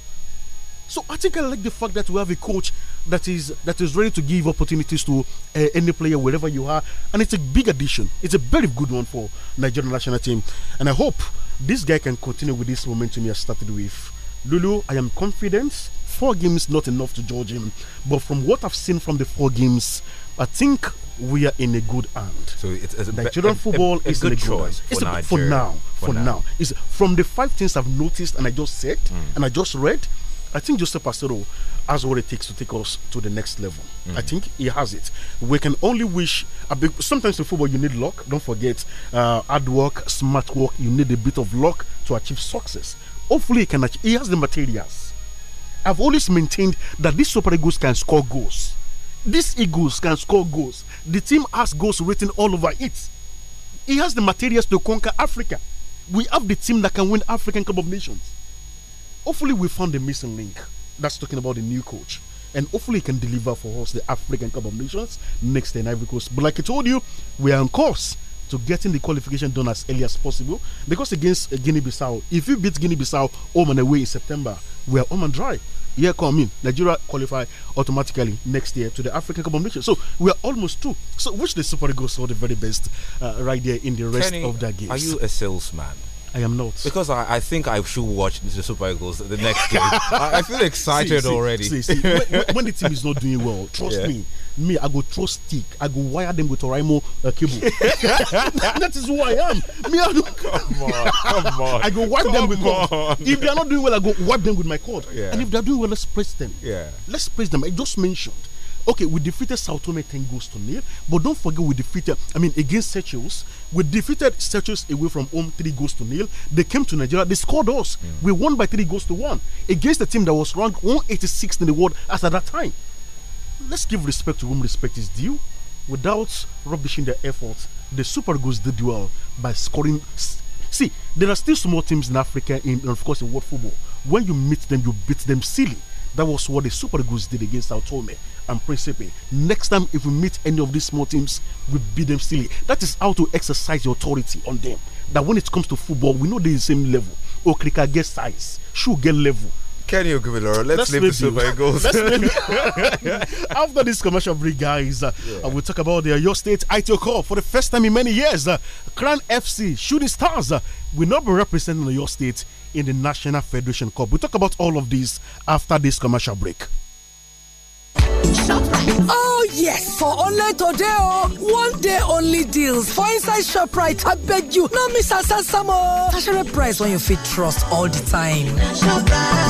So I think I like the fact that we have a coach that is that is ready to give opportunities to uh, any player wherever you are, and it's a big addition. It's a very good one for Nigerian national team, and I hope this guy can continue with this momentum he has started with. Lulu, I am confident. Four games not enough to judge him, but from what I've seen from the four games, I think we are in a good hand. So it's, it's Nigerian a, football a, a, is a good choice good for, a, for, now. For, for now. now, it's from the five things I've noticed and I just said mm. and I just read. I think Joseph Pastero has what it takes to take us to the next level. Mm -hmm. I think he has it. We can only wish. Big, sometimes in football, you need luck. Don't forget uh, hard work, smart work. You need a bit of luck to achieve success. Hopefully, he can. Achieve, he has the materials. I've always maintained that these Super Eagles can score goals. These Eagles can score goals. The team has goals written all over it. He has the materials to conquer Africa. We have the team that can win African Cup of Nations Hopefully, we found the missing link. That's talking about the new coach. And hopefully, he can deliver for us the African Cup of Nations next in Ivory Coast. But like I told you, we are on course to getting the qualification done as early as possible. Because against Guinea-Bissau, if you beat Guinea-Bissau home and away in September, we are home and dry year come in, Nigeria qualify automatically next year to the African Cup of Nations. So we are almost two. So which the Super Eagles all the very best uh, right there in the rest Kenny, of that games. Are you a salesman? I am not. Because I, I think I should watch the Super Eagles the next game. I, I, feel excited see, see, already. See, when, when, the team is not doing well, trust yeah. me, me, I go throw stick. I go wire them with Oraimo uh, cable. that is who I am. Me, I go, come on, come on. I go wipe come them with on. cord. If they are not doing well, I go wipe them with my cord. Yeah. And if they are doing well, let's praise them. Yeah. Let's praise them. I just mentioned. Okay, we defeated Sao Tome 10 goals to nil, but don't forget we defeated, I mean, against Seychelles, we defeated Seychelles away from home three goals to nil. They came to Nigeria, they scored us. Mm. We won by three goals to one against a team that was ranked 186 in the world as at that time. Let's give respect to whom respect is due. Without rubbishing their efforts, the Super Eagles did well by scoring. See, there are still small teams in Africa, in, and of course, in world football. When you meet them, you beat them silly that was what the Super Eagles did against our Tome and Principe. Next time, if we meet any of these small teams, we beat them silly. That is how to exercise your authority on them. That when it comes to football, we know they're the same level. Okrika get size, should get level. Kenny Ogumiloro, let's, let's leave the silver goals. After this commercial break, guys, uh, yeah. will talk about uh, your state ITO Cup for the first time in many years. Uh, FC Shooting Stars uh, will not be representing your state in the National Federation Cup. We'll talk about all of this after this commercial break. ShopRite. Oh yes, for only today oh, one day only deals for inside ShopRite. I beg you, no miss out some more. Tashere price when you fit trust all the time. ShopRite.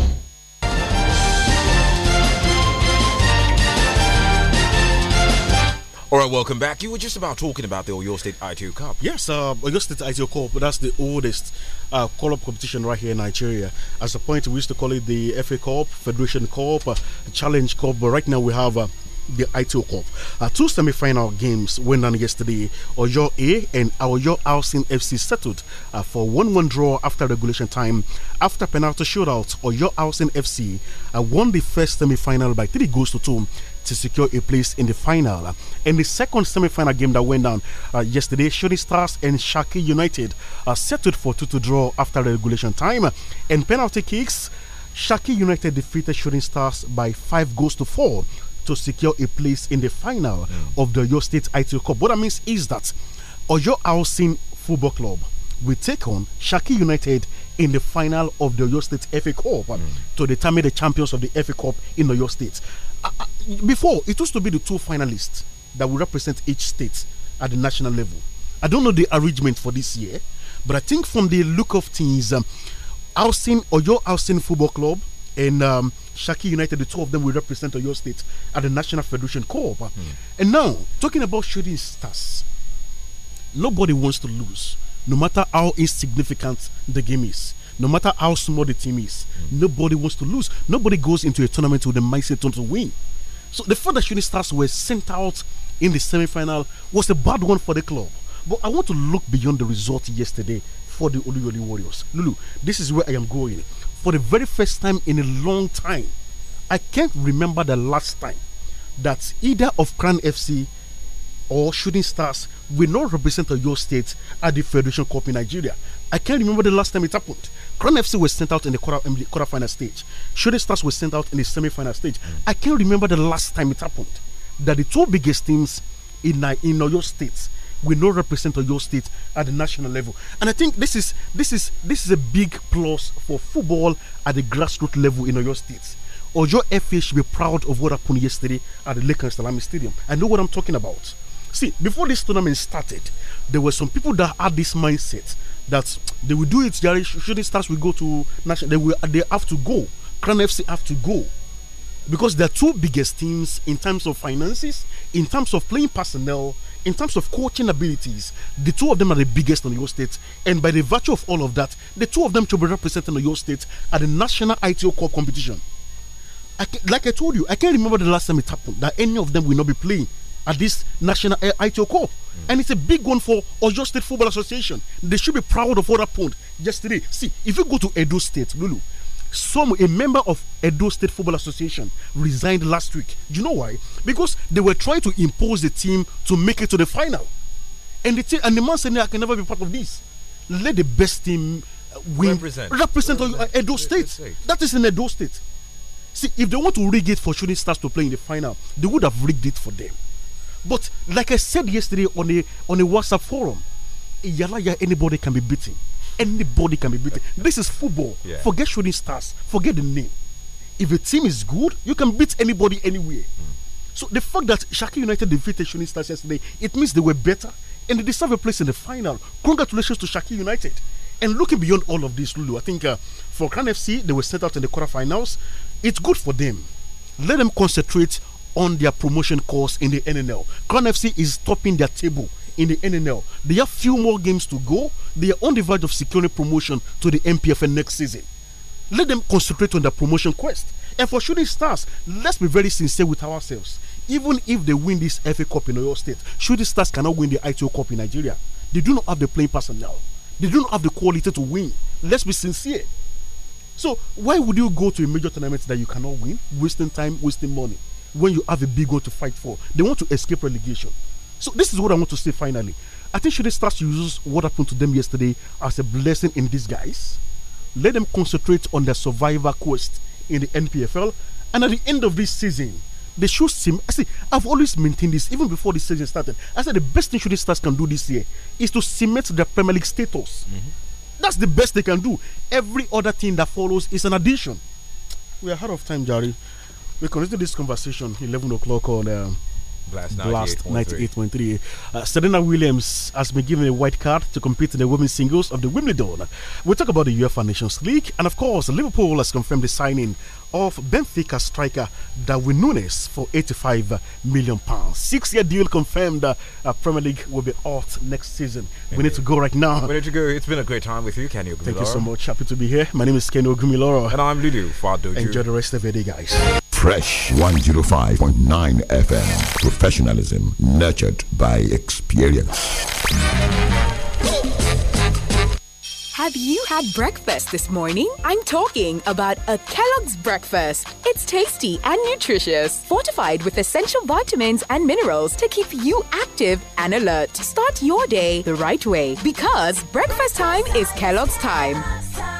All right, welcome back. You were just about talking about the Oyo State ITO Cup. Yes, uh, Oyo State ITO Cup, that's the oldest uh, call up competition right here in Nigeria. As a point, we used to call it the FA Cup, Federation Cup, uh, Challenge Cup, but right now we have. Uh, the ITO Cup. Uh, two semi-final games went on yesterday. Oyo A and Oyo Housing FC settled uh, for 1-1 draw after regulation time. After penalty shootout, Oyo Housing FC uh, won the first semi-final by three goals to two to secure a place in the final. In the second semi final game that went down uh, yesterday, Shooting Stars and Shaki United uh, settled for 2 to draw after regulation time and penalty kicks. Shaki United defeated Shooting Stars by five goals to four to secure a place in the final mm. of the Oyo State ITU Cup. What that means is that Oyo Housing Football Club will take on Shaki United in the final of the Oyo State FA Cup mm. to determine the champions of the FA Cup in Oyo State. I, before it used to be the two finalists that would represent each state at the national level. I don't know the arrangement for this year, but I think from the look of things, um, Austin your Austin Football Club and um, Shaki United, the two of them will represent your State at the National Federation Cup. Mm. And now, talking about shooting stars, nobody wants to lose, no matter how insignificant the game is no matter how small the team is, mm. nobody wants to lose. Nobody goes into a tournament with the mindset to win. So the fact that Shooting Stars were sent out in the semi final was a bad one for the club. But I want to look beyond the result yesterday for the Oluyoli Warriors. Lulu, this is where I am going. For the very first time in a long time, I can't remember the last time that either of Crown FC or Shooting Stars will not represent your state at the Federation Cup in Nigeria. I can't remember the last time it happened. Crown FC was sent out in the quarter in the quarterfinal stage. Shooting Stars was sent out in the semi-final stage. Mm. I can't remember the last time it happened that the two biggest teams in uh, in your states will not represent your State at the national level. And I think this is this is this is a big plus for football at the grassroots level in states. Or your FA should be proud of what happened yesterday at the Lake Salami Stadium. I know what I'm talking about. See, before this tournament started, there were some people that had this mindset that they will do it. Their shooting stars will go to national. They will. They have to go. Kran FC have to go because they're two biggest teams in terms of finances, in terms of playing personnel, in terms of coaching abilities. The two of them are the biggest in your state, and by the virtue of all of that, the two of them should be representing your state at the national ITO Cup competition. I can, like I told you, I can't remember the last time it happened that any of them will not be playing at this national uh, ITO Cup. Mm. And it's a big one for Oyo State Football Association. They should be proud of what happened yesterday. See, if you go to Edo State, Lulu, some a member of Edo State Football Association resigned last week. Do you know why? Because they were trying to impose the team to make it to the final. And the team and the man said, I can never be part of this. Let the best team uh, win represent, represent, uh, represent Edo State. State. That is in Edo State. See, if they want to rig it for shooting stars to play in the final, they would have rigged it for them. But like I said yesterday on a on a WhatsApp forum, Yalaya, anybody can be beaten. Anybody can be beaten. this is football. Yeah. Forget shooting stars. Forget the name. If a team is good, you can beat anybody anywhere. Mm. So the fact that Shaki United defeated Shooting Stars yesterday, it means they were better and they deserve a place in the final. Congratulations to Shaki United. And looking beyond all of this, Lulu, I think uh, for Kran FC, they were set out in the quarterfinals. It's good for them. Let them concentrate on their promotion course in the NNL. Crown FC is topping their table in the NNL. They have few more games to go. They are on the verge of securing promotion to the MPFN next season. Let them concentrate on their promotion quest. And for shooting stars, let's be very sincere with ourselves. Even if they win this FA Cup in Oyo State, shooting stars cannot win the ITO Cup in Nigeria. They do not have the playing personnel. They do not have the quality to win. Let's be sincere. So why would you go to a major tournament that you cannot win, wasting time, wasting money? when you have a big goal to fight for. They want to escape relegation. So this is what I want to say finally. I think should they start to use what happened to them yesterday as a blessing in disguise? Let them concentrate on their survivor quest in the NPFL. And at the end of this season, they should seem. I see, I've always maintained this even before the season started. I said the best thing Shooting Stars can do this year is to cement their Premier League status. Mm -hmm. That's the best they can do. Every other thing that follows is an addition. We are out of time, Jerry. We continue this conversation 11 o'clock on. Um, Blast, 98.3. Uh, Serena Williams has been given a white card to compete in the women's singles of the Wimbledon. We'll talk about the UEFA Nations League. And of course, Liverpool has confirmed the signing of Benfica striker Darwin Nunes for 85 million pounds. Six year deal confirmed. Uh, uh, Premier League will be out next season. Indeed. We need to go right now. We need to go. It's been a great time with you, Kenny Thank you so much. Happy to be here. My name is Kenny Ogumiloro. And I'm Lulu Fadoju. Enjoy the rest of your day, guys. Fresh 105.9 FM. Professionalism nurtured by experience. Have you had breakfast this morning? I'm talking about a Kellogg's breakfast. It's tasty and nutritious, fortified with essential vitamins and minerals to keep you active and alert. Start your day the right way because breakfast time is Kellogg's time.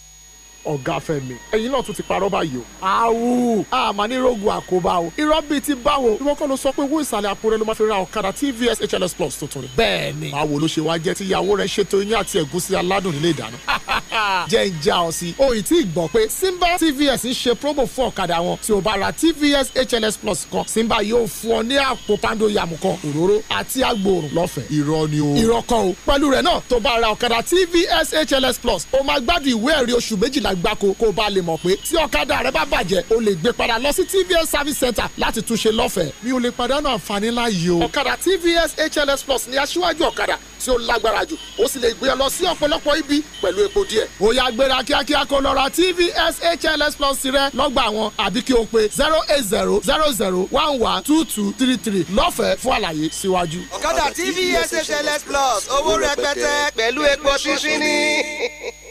ọ̀gá fẹ́mi ẹ̀yin náà tún ti parọ́ báyìí o. àwù àmà ní rogun àkóbá o irọ́ bíi ti báwo ìwọ kọ́ ló sọ pé owó ìsàlẹ̀ àpò rẹ ló máa fi ra ọ̀kadà tvs hls plus tuntun rẹ. bẹ́ẹ̀ni báwo ló ṣe wá jẹ́ tí ìyàwó rẹ ṣètò iyán àti ẹ̀gúsí aládùn nílé ìdáná. jẹ́ ń já ọ sí. o ì tí ì gbọ́ pé simba tvs ń ṣe promo fún ọ̀kadà wọn tí o bá ra tvs hls plus kan simba yóò fún ọ ní àpò pando yàmù kan òróró àti agbòòrùn lọ́fẹ̀ẹ́. irọ́ ni o. irọ́ kan o pẹ̀lú rẹ̀ náà tó bá ra ọ̀kadà tvs hls plus o máa gbádùn ìwé ẹ̀rí oṣù méjìlá mẹ́ta gbáko kó o bá lè mọ̀ pé tí ọ̀kadà rẹ bá bàjẹ́ o lè gbé padà lọ sí tvs service center láti túnṣe lọ́fẹ̀ẹ́. mi ò lè pàdánù àǹfààní láàyè o. ọ̀kadà tvs hls plus ni aṣíwájú ọ̀kadà tí ó lágbára jù ó sì lè gbé ọ lọ sí ọ̀pọ̀lọpọ̀ ibi pẹ̀lú epo díẹ̀. ó yá gbéra kíákíá kó lọ ra tvs hls plus rẹ lọ́gbà wọn àbí kí o pe zero eight zero zero zero one one two two three three lọ́fẹ̀ẹ́ fún àlàyé síwájú. ọ̀kadà tvs hls plus owó rẹpẹtẹ pẹ̀lú epo ṣíṣí ní.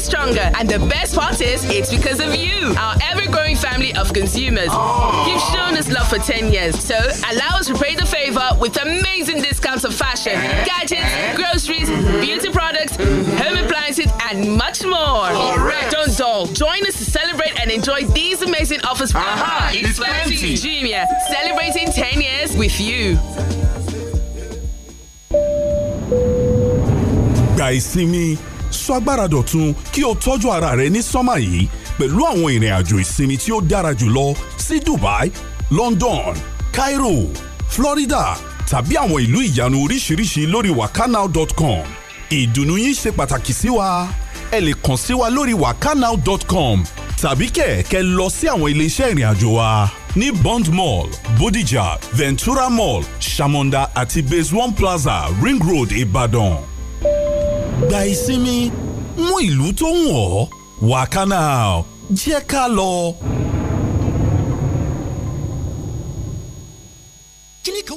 stronger. And the best part is, it's because of you, our ever growing family of consumers. Aww. You've shown us love for 10 years. So allow us to pay the favor with amazing discounts of fashion, gadgets, groceries, beauty products, home appliances, and much more. Correct. Don't dull. Join us to celebrate and enjoy these amazing offers. Aha, it's, it's plenty. Jumia, celebrating 10 years with you. gba ìsinmi sọ agbára dọ̀tun kí o tọ́jú ara rẹ ní sọ́mà yìí pẹ̀lú àwọn ìrìn àjò ìsinmi tí ó dára jùlọ sí Dubai, London, Cairo, Florida tàbí àwọn ìlú ìyanu oríṣiríṣi lórí wakanow.com ìdùnnú yín ṣe pàtàkì sí wa ẹ lè kàn sí wa lórí wakanow.com tàbí kẹ̀kẹ́ lọ sí àwọn iléeṣẹ́ ìrìn àjò wa ní Bond Mall, Bodija, Ventura Mall, Shamonda àti Base One Plaza, Ring Road, Ìbàdàn. E gba ìsinmi mú ìlú tó ń wọ̀ wá canal jẹ́ ká lọ.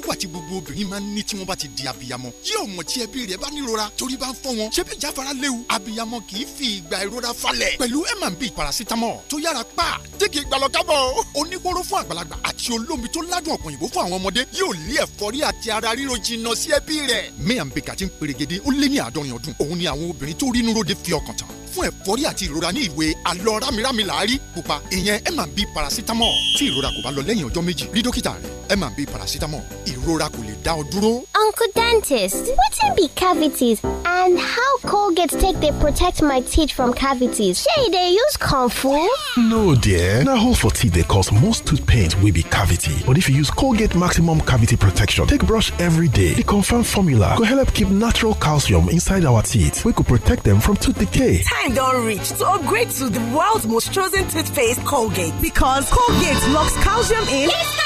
òkú àti gbogbo obìnrin máa ń ní tí wọ́n bá ti di abiyamọ yí ọmọ tí ẹbí rẹ̀ bá nírora torí bá ń fọ́ wọn ṣebí jáfara léwu abiyamọ kì í fi ìgbà ìrora falẹ̀ pẹ̀lú M&B paracetamol tó yára pa tí kì oníkóró fún àgbàlagbà àti olómi tó ládùn ọ̀pọ̀ òyìnbó fún àwọn ọmọdé yóò lé ẹ̀fọ́rí àti ara ríro jìnnà sí ẹbí rẹ̀. M&B kàti ń perégedé fún ẹ̀fọ́rí àti ìrora ní ìwé alọ́ rámírámí làárí pupa ìyẹn M&B paracetamol tí ìrora kò bá lọ lẹ́yìn ọjọ́ méjì rí dókítà rẹ M&B paracetamol ìrora kò lè dá ọ dúró. uncle dentist wetin be cavities and how colgate take dey protect my teeth from cavities shey e dey use comfort? no dear na hole for teeth dey cause most tooth pain wey be cavity but if you use colgate maximum cavity protection take brush every day the confam formula go help keep natural calcium inside our teeth wey go protect them from tooth decay. time don reach to upgrade to the world's most chosen toothpaste colgate because colgate locks calcium in yes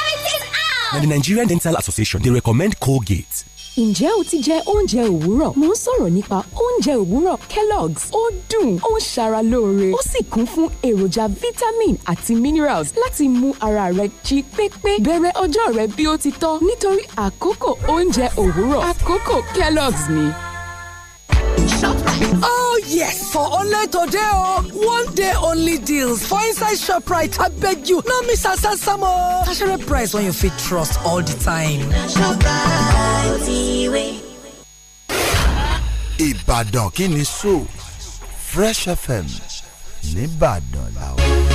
out! nigerian dental association they recommend colgate ǹjẹ́ o ti jẹ oúnjẹ òwúrọ̀? mo ń sọ̀rọ̀ nípa oúnjẹ òwúrọ̀ Kellogg's ó dùn ó ń ṣara lóore ó sì kún fún èròjà vitamin àti minerals láti mú ara rẹ jí pépé bẹ̀rẹ̀ ọjọ́ rẹ bí ó ti tọ́ nítorí àkókò oúnjẹ òwúrọ̀ àkókò Kellogg's ni. Oh yes, for only today oh, one day only deals for inside shop right. I beg you, no miss out some more. Tertiary price when you fit trust all the time. Ìbàdàn kí ni so Fresh FM nìbàdàn làwọn.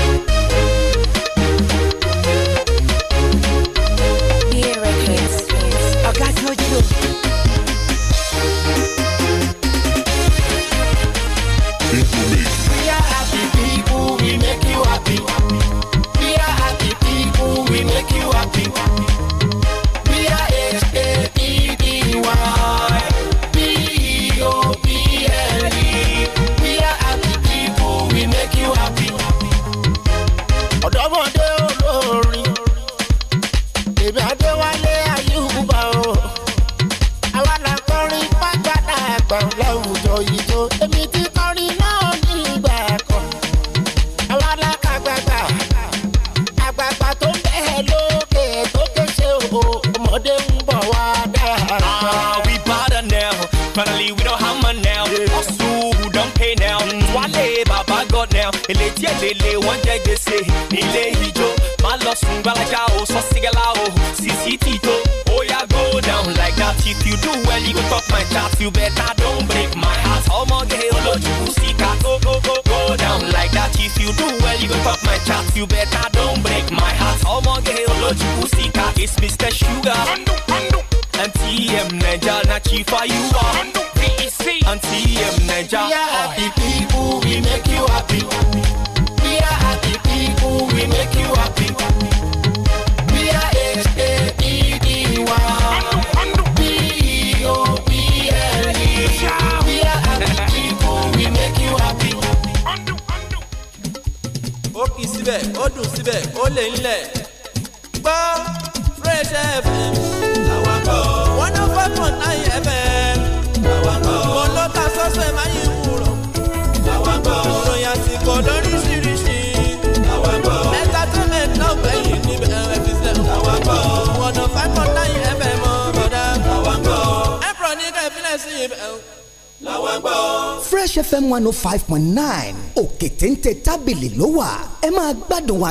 one oh five point nine òkè téńté tábìlì ló wà ẹ máa gbádùn wa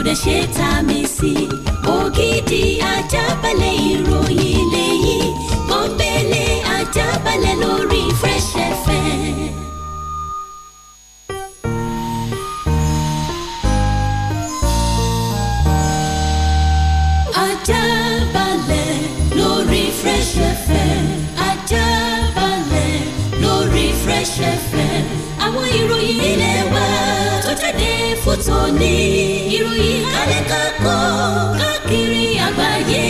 kódà ṣe tá a mi sí. ògidì ajábalẹ̀ ìròyìn lẹ́yìn pọ́npẹ́lẹ́ ajábalẹ̀ lórí Fresh FM. ajábalẹ̀ lórí Fresh FM ajábalẹ̀ lórí Fresh FM àwọn ìròyìn fún tòní. ìròyìn kálẹ̀ kakọ́ káàkiri àgbáyé.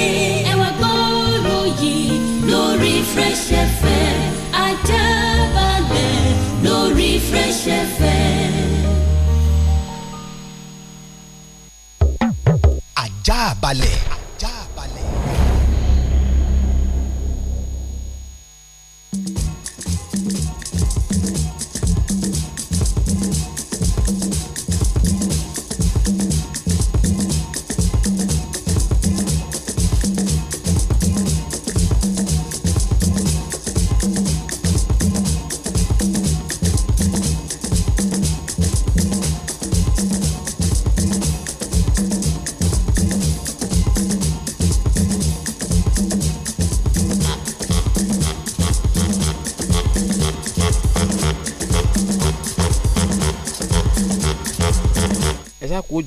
ẹ wá gbọ́rọ̀ yìí lórí Fresh FM ajá balẹ̀ lórí Fresh FM. ajá balẹ̀.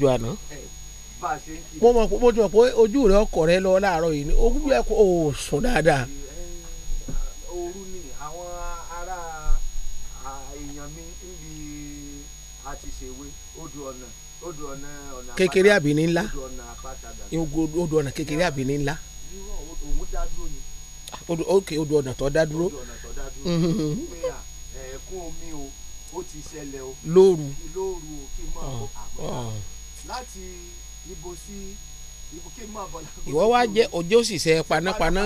lọ́jọ́ àná mo mọ̀ pé mo mọ̀ pé ojú rẹ̀ ọkọ̀ rẹ̀ lọ láàárọ̀ yìí ni ojú rẹ̀ kò sùn dáadáa. ooru ni àwọn ará èèyàn mi níbi àti ṣèwé odò ọ̀nà odò ọ̀nà ọ̀nà kékeré àbí ní ńlá odò ọ̀nà kékeré àbí ní ńlá. òun dá dúró ni. odò ọ̀nà odò ọ̀nà tó dá dúró. Mhm. ẹ̀ẹ́kún omi o ó ti ṣẹlẹ̀ o. lóru lóru o kí n máa bọ̀ àgbọ̀ láti ibo sí ibo kí n máa bọ̀ lágbo. ìwọ wá jẹ òjò òṣìṣẹ́ panápaná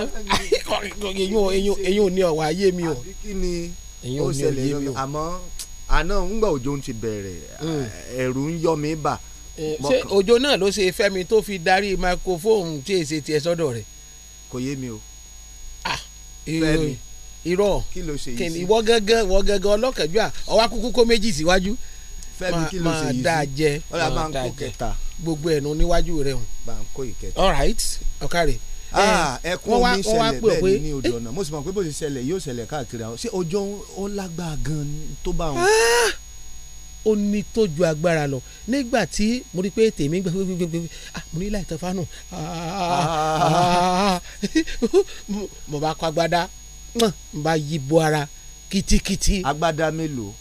eyín ò ní ọwọ́ ayé mi o eyín ò ní ọyé mi o. àmọ́ àná ńgbà òjò ti bẹ̀rẹ̀ hmm. ẹ̀rù ń yọ mi bà. Eh, ṣé òjò náà ló ṣe fẹ́mi tó fi darí microphone tí èsì tiẹ̀ sọ́dọ̀ rẹ̀. kò yé mi o. fẹ́mi irọ́ kí ló ṣe yìí sí. ìwọ gángan ìwọ gángan ọlọ́kànjúà ọwọ́ akúkú kó méjì síwájú fẹ́mi kí ló ṣe yìí sí máa dáa jẹ máa dáa jẹ gbogbo ẹ̀nu níwájú rẹ̀ hùn. banko ìkẹta all right ọ̀kàrẹ̀. Ah, ẹkún omi ṣẹlẹ̀ bẹ́ẹ̀ ni ojú ọ̀nà mo sì mọ̀ pé bó ṣe ṣẹlẹ̀ yóò ṣẹlẹ̀ káàkiri àwọn ṣé ọjọ́ ó lágbára gan-an tó bá wọn. Ah! ó ní tó ju agbára lọ nígbà tí mo rí pé tèmi gbẹ gbẹgbẹgbẹ ah, mo ní láìtàn fánù mo bá kọ agbádá mo bá yí bo ara kìtìkìtì. agbádá mélòó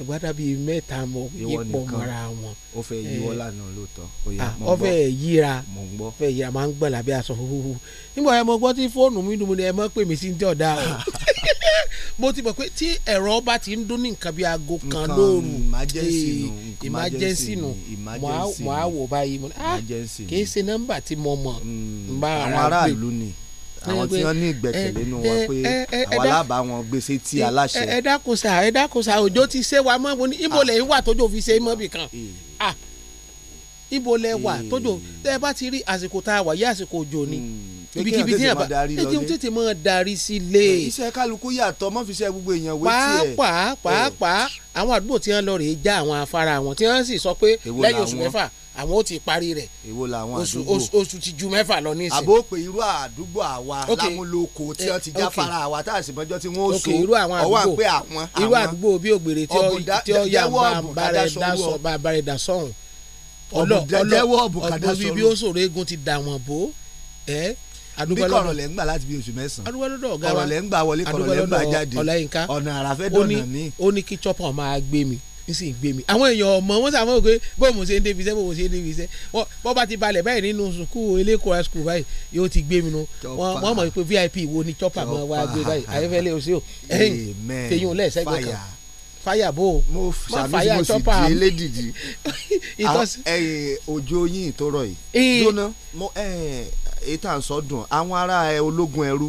ẹgbàdá bíi mẹ́ta mọ yípo mọ́ra wọn. ó fẹ́ yíwọ́ lánàá lóòótọ́ ó yà ah, yíra mọ́ gbọ́ yíra máa ń gbọ́ làbẹ́ aṣọ fúfúfú nígbà yẹn mo gbọ́ tí fóònù mi dùn mí ni ẹ mọ́ pè mí sí ní ọ̀dà o mo ti mọ̀ pé tí ẹ̀rọ bá ti ń dún ní nǹkan bíi aago kan lóru emergency nù eh, mo báyìí ah, kì í ṣe nọ́mbà tí mo mọ̀ n mm, àwọn aráàlú ni àwọn tí wọ́n ní ìgbẹ́kẹ̀lé nínú wọn pé àwọn alábà wọn gbèsè tí aláṣẹ. ẹ dákun sa ẹ dákun sa òjò ti ṣe wa mọ́ ní ibo ah. wà tójò fi ṣe mọ́ bìkan eh. ah. ibo lẹ̀ wà eh. tójò tẹ́ ẹ bá ti rí àsìkò tá a wà yí àsìkò òjò ni hmm. ibikíbi tí yàrá ètí ohun tètè mọ darí sílé. Eh, iṣẹ́ kálukú yàtọ̀ mọ́ fi ṣe gbogbo èèyàn wé tiẹ̀. pàápàá pàápàá àwọn àdúgbò tí wọ́n lọ rèé já àwọn afárá wọn tí wọ́n sì sọ pé lẹ́yìn oṣù mẹ́fà àwọn ó ti parí rẹ̀ oṣù ti ju mẹ́fà lọ nísìnyí. àbó pé irú àdúgbò àwa lámúlòkọ tí eh, wọ́n ti jáfara àwa tá a sì mọ́jọ́ tí wọ́n ó so ọwọ́ àpé àwọn. irú àdúgbò bí ògbèrè tí ó yà bá rẹ̀ dà sọ̀hún ọlọ́ọ̀lọ́wọ́ ọ̀bùkádà sọ̀rọ̀ ọ̀bùn bí ó sòro eégún ti dà wọ́n bó ẹ́ bí kọ̀rọ̀ lẹ́ ń gbà láti bí oṣù mẹ́sàn-án kọ̀rọ̀ lẹ́ ń gbà wọlé kọ̀rọ̀ lẹ́ ń gbà jáde ọ̀nà àràfẹ́ dọ̀nà mi. ó ní kí chopper máa gbé mi n sì gbé mi àwọn èèyàn ọmọ wọn sàmọ́ òkè bóòmù ṣe ń débi iṣẹ́ bóòmù ṣe ń débi iṣẹ́ wọ́n bá ti balẹ̀ báyìí nínú sùkúù elékòrà sùkúù báyìí yóò ti gbé mi nu wọ́n mọ̀ pé vip wo ni chopper mọ̀ wá gbé báyìí ayéfẹ́lẹ́ o ṣe o ẹ̀yìn tẹ̀yìn olẹ́ ẹ̀sẹ̀gbẹ̀ kan fáyà bò mo fàmí mo sì di elédìdí òjò yín ìtòrọ yìí eh. jóná ètò à ń sọdùn àwọn ará ológun ẹrú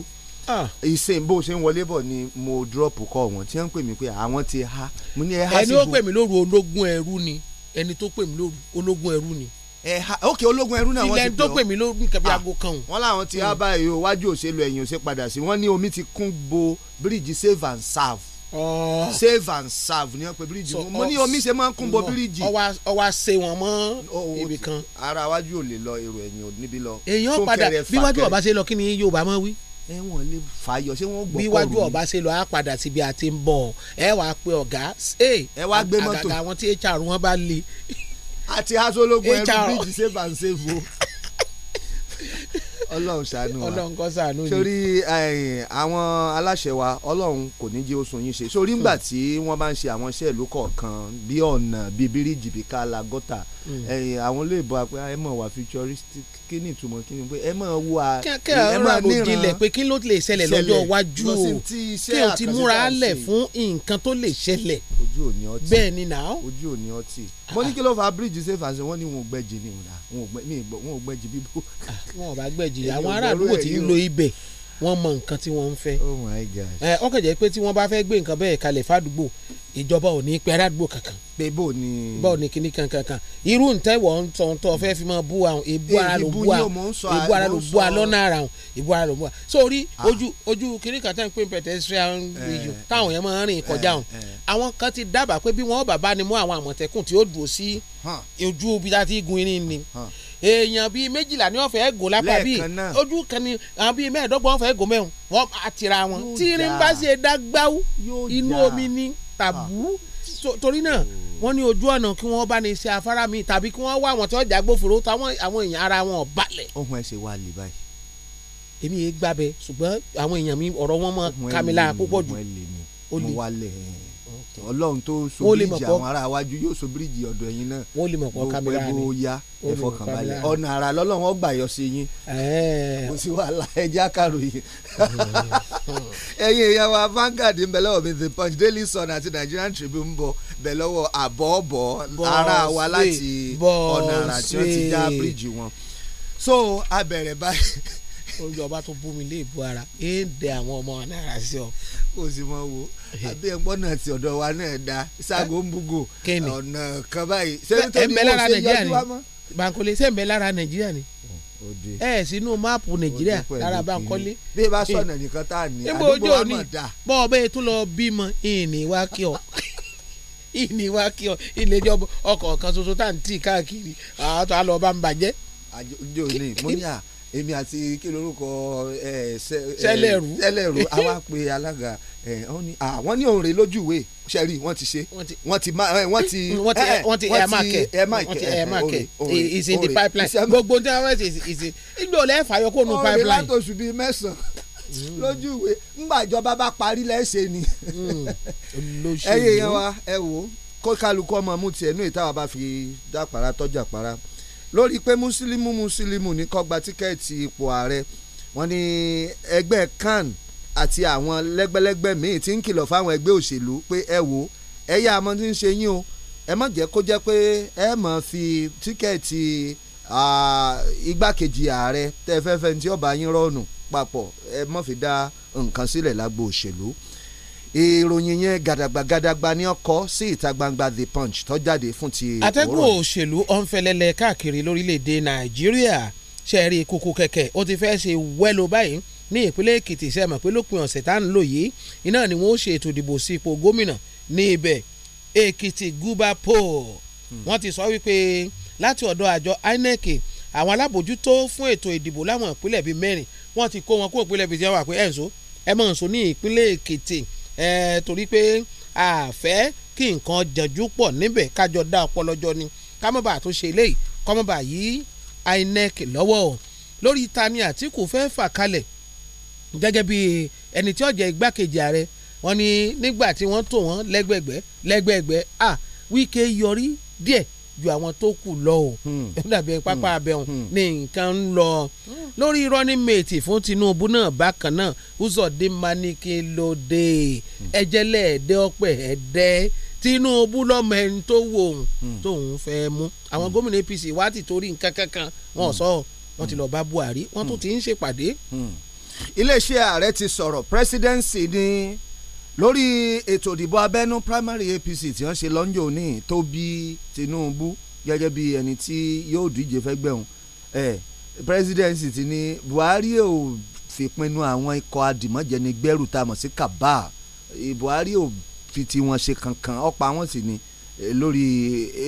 Ah. ìsìn bó ṣe ń wọlé bọ̀ ni mo dúrọ́ọ̀pù kọ́ wọn tí wọ́n ń pè mí pé àwọn ti ha mo ní ẹ ha sí bo. ẹni ó pè mí lóru ológun ẹrú ni ẹni tó pè mí lóru ológun ẹrú ni ẹ ha ok ológun ẹrú náà wọ́n ti pè ọ́ ilẹ̀ tó pè mí ló ní kẹbi aago kan o. wọ́n láwọn ti há hmm. báyìí o wájú òṣèlú ẹ̀yìn òṣè padà sí wọ́n ní omi ti kún bo bíríìjì save and serve. Oh. save and serve ni wọ́n pe bíríìjì mo ní omi ṣe máa ń kún bo bíríìjì. ọwọ́ ṣe wọ́n mọ́ ibì kan. ara wájú ò lè lọ èrò ẹ̀yìn ò níbi lọ. èèyàn padà bí wájú ọba ṣe lọ kí ni Yorùbá máa wí ẹ wọn lè fàyọ ṣé wọn gbọ́ kọrù. bí iwájú ọba ṣe lọ á padà síbi àti ń bọ̀ ẹ wàá pe ọ̀gá ẹ wàá gbé mọ́tò àgàgà àwọn tí hr wọn bá le. àti aṣọ ológun ẹrú bíjì ṣe bá ń ṣe fo. Ọlọ́run ṣàánú wa Ọlọ́run kọ ṣàánú mi. sórí àwọn aláṣẹ wa Ọlọ́run kò ní jẹ́ oṣù yín ṣe sórí ńgbà tí wọ́n bá ń ṣe àwọn iṣẹ́ ìlú kọ̀ọ̀kan bí ọ̀nà bí bíríìjì bí kálá gọ́tà mm. àwọn olóyìnbó àpẹ ẹ mọ̀ wá futuristic kí ni ìtumọ̀ kí ni pé ẹ mọ̀ wo à ẹ mọ̀ níran pé kí ló lè ṣẹlẹ̀ lọ́jọ́ iwájú o kí o ti múra lẹ̀ fún nǹkan tó lè ṣẹlẹ̀ ojú ò ní ọtí bẹ́ẹ̀ ni náà ojú ò ní ọtí ah, mo ní ah. kí ló fa bíríìjì ṣe fàṣẹ wọn ni wọn ò gbẹ́jì ni wọn ò gbẹ́jì bíbó. Ah, wọn ò bá gbẹ́jì àwọn ará àdúgbò ti ń lo ibẹ̀ wọ́n mọ nǹkan tí wọ́n ń fẹ́. oh my god. jẹ́ pé tí wọ́n bá fẹ́ gbé nǹkan bẹ́ẹ̀ kalẹ̀ fàdúgbò ìjọba ò ní pẹ́ aládùúgbò kankan. pé bó ni. bó ni kíní kankan irú ntẹ́ wọ́n ń tọ́ ntọ́ fẹ́ fi máa bú àwọn èbú ara ló bú àwọn èbú ara ló bú àwọn lọ́nà ara àwọn èbú ara ló bú àwọn. sórí ah. ojú ojú kíní kan tán pé pedestrian region eh, táwọn yẹn máa ń rìn kọjá eh, wọn eh. àwọn kan ti dábàá pé bí wọ́n bàbá ni mú àwọn àmọ̀tẹ́kùn tí ó dùn sí ojú ibi tá a ti gun irin ni èèyàn bíi méjìlá ni wọ́n fẹ́ gò lápá bíi ojú kan ni àwọn bíi mẹ́ẹ̀ẹ́dọ́gbọ̀n wọ́n fẹ́ gò mẹ́rin wọ́n àtìrà wọn tí irin bá ṣe dágbáwú inú omi ni tàbú ah. torí náà wọ́n ní ojú ọ̀nà kí wọ́n bá ní iṣẹ́ afárá mi tàbí kí wọ́n wá àwọn tí wọ́n jágbófòrò táwọn àwọn èèyàn ara wọn balẹ̀. ohun ẹ̀ ṣe wá lè báyìí. èmi yẹn gbàbẹ ṣùgbọ́n àwọn èèyàn mi ọ̀rọ̀ wọn mọ kámilá púpọ̀ jù ó lè ọlọ́run tó so bíríìjì àwọn ará iwájú yóò so bíríìjì ọ̀dọ̀ ẹ̀yin náà wọ́n lè mọ̀ pọ̀ kámẹ́rà ni bó ya ẹ fọkàn balẹ̀ ọ̀nà àrà lọ́lọ́run ó gbà yọ sí yín kò sí wàhálà ẹja karòyìn ẹ̀yin èèyàn wa Vanguard ń bẹ lọ́wọ́ mi The Punch Daily Sun àti Nigerian Tribune ń bọ̀ bẹ lọ́wọ́ àbọ̀ọ̀bọ̀ ara wa láti ọ̀nà àrà tí wọ́n ti dá bíríìjì wọn so abẹ̀rẹ̀ báyìí oúnjẹ ọba tó bú mi lé ìbú ara é ń dẹ àwọn ọmọ náírà sí ọ. kò sí mọ wo àbí ẹ̀gbọ́n ti ọ̀dọ̀ wa náà da sago ń bugo ọ̀nà kan báyìí sẹ́ni tó ní kò ṣe yọjú wa mọ́. Bankole ṣé ń bẹ ni ẹ sínú máàpù nàìjíríà lára Bankole. bí e bá sọ̀nà nìkan tá a ní àdúgbò wa mọ̀ dá. bọ́ ọ bẹ́ẹ̀ tún lọ bímọ ìní wá kí ọ ìní wá kí ọ ìlẹ́jọ́ ọkọ̀ kan ṣoṣo tá à ń tì káàkiri àtọ́ àlọ́ bá ń bàjẹ́. àjọ ní mo ní à èmi àti kí lorúkọ sẹlẹrú sẹlẹrú a pe alága àwọn ní òun rè lójú ìwé sẹ́rí ti ṣe wọ́n ti wọ́n ti ti ẹ̀ máa kẹ̀ wọ́n ti ẹ̀ máa kẹ̀ is in the pipeline gbogbo ní àwọn ẹ̀sìn ìsìn ìgbò lẹ́ẹ̀fà yọkọ̀ nù pipeline. ọ̀rẹ́ látòṣù bíi mẹ́sàn-án mm. lójú ńgbàjọba bá parí lẹ́sẹ̀ ni mm. ẹ̀yẹ̀ yẹn wa ẹ wò kó kálukú ọmọ mú tiẹ̀ ní ìtawà bá fi dápara tọ́jà para lórí pé mùsùlùmù mùsùlùmù ní kó gba tíkẹ́ẹ̀tì ipò ààrẹ wọ́n ní ẹgbẹ́ kan àti àwọn lẹ́gbẹ́lẹ́gbẹ́ míì ti ń kìlọ̀ fáwọn ẹgbẹ́ òṣèlú pé ẹ wò ẹ yá àmọ́ tí ń ṣe yín o ẹ má jẹ́ kó jẹ́ pé ẹ má fi tíkẹ́ẹ̀tì igbákejì ààrẹ tẹ́ fẹ́fẹ́ ní ọba yín rọ́ọ̀nù papọ̀ ẹ má fi dá nǹkan sílẹ̀ lágbo òṣèlú ìròyìn yẹn gàdàgbà gàdàgbà ni ọkọ sí ìta gbangba the punch tó jáde fún ti. atẹ́gùn òṣèlú ọ̀nfẹ́lẹ́lẹ̀ káàkiri lórílẹ̀‐èdè nàìjíríà ṣe rí kókó kẹ̀kẹ́ ó ti fẹ́ ṣe wẹ́lo báyìí ní ìpínlẹ̀ èkìtì ṣe pé lópin ọ̀sẹ̀ tá à ń lò yìí iná ni wọ́n ṣe ètò ìdìbò sí ipò gómìnà ní ibẹ̀ èkìtì guba poll hmm. wọ́n ti sọ wípé láti ọ̀dọ̀ àjọ inec àwọn alábòjútó fún ètò ìdìbò láwọn ìpínlẹ̀ bíi mẹ́rin wọ́n ti kó wọn kó ìpínlẹ̀ bíi jẹ́wà pé ẹ̀ ń so ẹ̀ mọ̀ ń so ní ìpínlẹ̀ èkìtì torí pé àfẹ́ kí nǹkan jànjú pọ̀ níbẹ̀ kájọ dá ọpọlọjọ ni kámọ́bà tó ṣe eléyìí kọ́mọ́bà yìí INEC lọ́wọ́ o lórí tani Àtíkù fẹ́ fà kalẹ̀ gẹ́gẹ́ bí ẹni tí ó jẹ́ igbákejì ààrẹ wọ́n ní nígbà tí wọ́n tò wọ́n lẹ́gbẹ̀gbẹ́ lẹ́gbẹ̀gbẹ́ à Wike yọrí díẹ̀ ju àwọn tó kù lọ o hmm. dàbí hmm. pápá abẹ́hùn hmm. ní nǹkan ń lọ lórí running mate fún Tinubu náà bákan náà Uzodinma kí ló ẹjẹlẹ ẹdẹ ọpẹ ẹdẹ Tinubu lọmọ ẹni tó wò ó tóun fẹ́ mú àwọn gómìnà APC wá ti torí nǹkan kankan wọn sọ wọn ti lọ bá Buhari wọn tún ti ń ṣèpàdé. iléeṣẹ́ ààrẹ ti sọ̀rọ̀ presidency ni lórí ètò ìdìbò abẹ́nú primary APC tí wọ́n ṣe lọ́njọ́ òní tó bí Tinubu gẹ́gẹ́ bí ẹni tí yóò díje fẹ́gbẹ́ òun ẹ̀ presidency ti ní Buhari ò fìpinnu àwọn ikọ̀ adìmọ́jẹni gbẹ́rù tá a mọ̀ sí kaba Buhari ò fi tiwọn ṣe kankan ọ̀pọ̀ àwọn sì ni lórí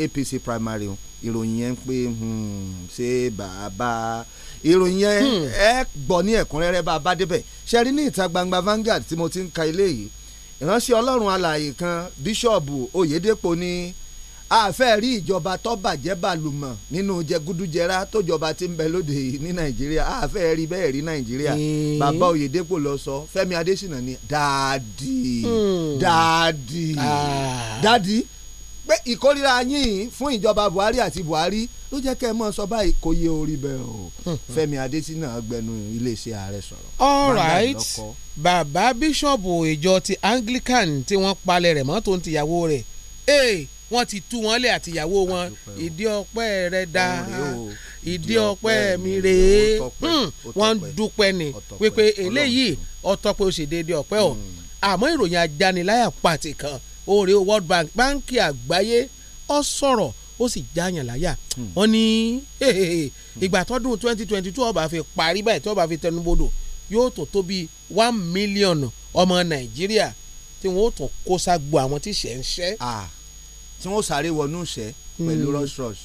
APC primary òun ìròyìn yẹn pé hmm, ṣé bàbá ìròyìn yẹn hmm. ẹ gbọ́ ní ẹ̀kúnrẹ́rẹ́ bá a bá débẹ̀ ṣe rí ní ìta gbangba Vanguard tí mo ti ń ka ilé yìí ìránṣẹ́ ọlọ́run alààyè kan bíṣọ̀bù oyèdèpò ní àfẹ́ rí ìjọba tó bàjẹ́ nínú jẹgúdújẹrá tójọba ti ń bẹ lóde yìí ní nàìjíríà àfẹ́ rí bẹ́ẹ̀ rí nàìjíríà bàbá oyèdèpò lọ sọ fẹ́mi adésínà ní hmm. dáàdì ah. dáàdì dáàdì pé ìkórira yín fún ìjọba buhari àti buhari ló jẹ́ kẹ́ ẹ mọ́ sọ báyìí kò yẹ orí bẹ́ẹ̀ o hmm. fẹ́mi adésínà gbẹnu iléeṣẹ́ ààrẹ sọ̀rọ̀. all right bàbá bíṣọ̀bù ìjọ ti Anglican tí wọ́n palẹ̀ rẹ̀ mọ́ tó ń tìyàwó rẹ̀ ee wọ́n ti tú wọn lé àtìyàwó wọn ìdí ọpẹ́ rẹ̀ dá ìdí ọpẹ́ mi rèé hmm, wọ́n ń dúpẹ́ ni wípé eléyìí ọtọ́pẹ́ ó ṣe déédéé ọpẹ́ ọ̀ hmm. àmọ́ ìròyìn ajaniláyà pàtì kan oore World Bank báńkì àgbáyé ó sọ̀rọ̀ ó sì jáàyàn láyà hmm. wọ́n ní ìgbà tọ́dún twenty twenty two ó bá fi parí báyìí tí ó bá fi tẹnubodò yóò tó tó bíi one million ọmọ nàìjíríà tí wọn ó tún kó ságbo àwọn tí ìṣẹ́ ń ṣẹ́. tí wọ́n sáré wọnú ìṣẹ́ pẹ̀lú rush hmm. rush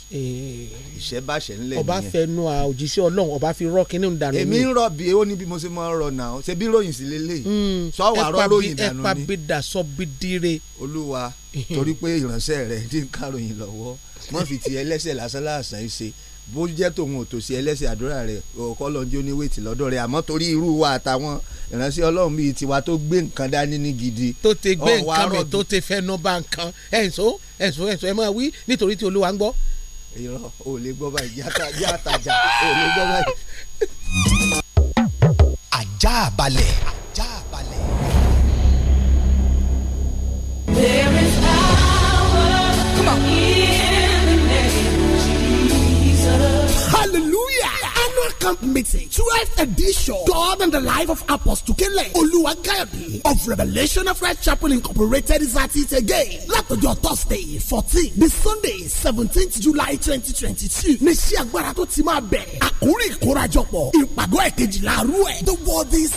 ìṣẹ́ bá ṣẹ̀ ńlẹ̀ nìyẹn. ọba fẹnu à òjíṣẹ́ ọlọ́run ọba fi rọ́ kínní dànù ni. èmi ń rọ bí ó ní bí mo ṣe máa ń rọ nà ó ṣe bí ròyìn sí lélẹ́yìí hmm. sọ wà rọ ròyìn dànù ni. ẹ̀pà bí dà sọ bí dire. olúwa torí pé ìránṣẹ́ rẹ̀ ti ń káròyìn lọ́wọ́ mọ́ fi ti ẹlẹ́sẹ̀ lásán láàsán ṣe bó jẹ́ tòun òtòsí ẹlẹ́sìn àdúrà rẹ̀ ọ̀kọ́ lọ́n jó lọ́dọ̀ rẹ̀ àmọ́ torí irú wa àtàwọn ìránṣẹ́ ọlọ́run bíi tiwa tó gbé nǹkan dání ní gidi. tó te gbé nǹkan mi tó te fẹ́ nọ́ba nǹkan ẹ̀sùn ẹ̀sùn ẹ̀sùn ẹ̀ máa wí nítorí tí olúwa ń gbọ́. irọ́ ò lè gbọ́ báyìí jẹ́ àtàjà ò lè gbọ́ báyìí. ajá balẹ̀. ajá balẹ̀. camp meeting, 12th edition, God and the Life of Apostle Kele Oluwakayode of Revelation of Red Chapel Incorporated is at it again. Látọjọ́ Thursday 14. the Sunday seventeenth July 2022. twenty two ní sí agbára tó ti máa bẹ̀. Àkórí ìkórajọpọ̀ ìpàgọ́ ẹ̀kejìlá rú ẹ̀ the world is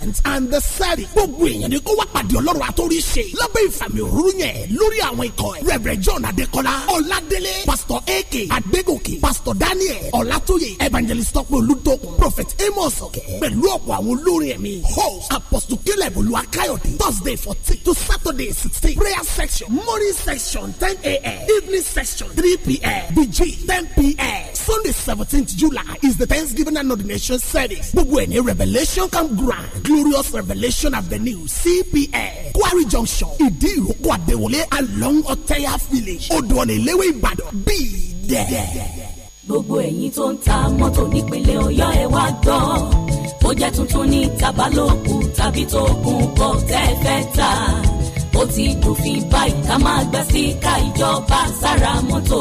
Christ and the Saudi. gbogbo èèyàn ni kó wá pàdé ọlọ́run àtórí ṣe lábẹ́ ìfàmì òróró yẹn lórí àwọn ikọ̀ ẹ̀ Rev. John Adekola Ọládélé Pastor Eke, Adégòkè Pastor Daniel Ọlátóyè Evangelist Tọ́pẹ́ Olútókun Prophet Amos Ọ̀kẹ́ pẹ̀lú ọ̀pọ̀ àwọn olórin ẹ̀mí host Apostle Caleb Olúwakáyọ̀dé Thursday fourteen to Saturday sixteen prayer section morning section ten a.m. evening section three p.m. BG ten p.m. Sunday seventeenth July is the Thanksgiving and ordination service gbogbo ẹ̀ ní Revelation Camp Grand Glorious Revelation Avenue CPA Quarry Junction Ìdí Ìrókò Àdéwọlé along Ọ̀tẹ́yà village Odòọ̀nà Ìléwé Ìbàdàn bíi dẹ́ẹ̀. Gbogbo ẹ̀yin tó ń ta mọ́tò nípínlẹ̀ Ọ̀yọ́ ẹ wá gbọ́ ó jẹ́ tuntun ní tabalóku tàbí tó kún bọ́ tẹ́ ta ó ti dùn fi báyìí ká máa gbà sí ká ìjọba sára mọ́tò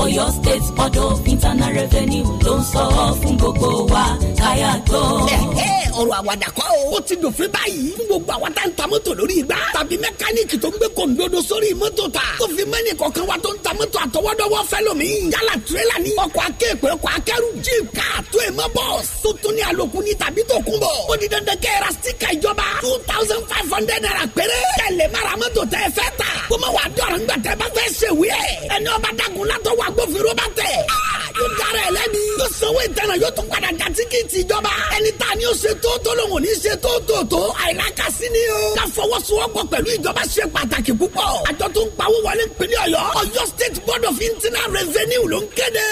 Oyo State Board of Internal Revenue ló ń sọ ọ́ fún gbogbo wa káyà tó. ọ̀rọ̀ àwàdà kọ́ o. ó ti dòfin báyìí fún gbogbo àwa tá ń ta mọ́tò lórí igbá tàbí mẹkáníìkì tó ń gbé kòǹdodo sórí mọ́tò ta tó fi mẹ́nì kọ̀ọ̀kan wa tó ń ta mọ́tò àtọwọ́dọ́wọ́ fẹ́ lómi. yálà tirẹ́là ni ọkọ̀ akẹ́kọ̀ọ́ ọkọ̀ akẹ́rù jíìp káà tó èèmọ́ bọ́ọ̀s tó tún ní àlòkù ni tàbí tó kún bọ̀. ó di dandan two thousand five hundred naira péré. kẹ́lẹ̀ mara mọ́tò tẹ́ ẹ fẹ́ ta. kó má wàá dọ̀rọ̀ ńgbà tẹ́ bá fẹ́ ṣèwé agbófinró bá tẹ̀. Ah, yóò dára ẹ lẹ́bi. yóò sanwó ìtẹ̀nà yóò tún padà já tíkẹ́ẹ̀tì ìjọba. ẹni tá a ní o ṣe tó tó ní ṣe tó tó tó. àìlákàsí ni o. ká fọwọ́sowọ́pọ̀ pẹ̀lú ìjọba ṣe pàtàkì púpọ̀. àjọ tó ń pawó wọlé ń pè ní Ọ̀yọ́ State Board of Internal Revenue ló ń kéde.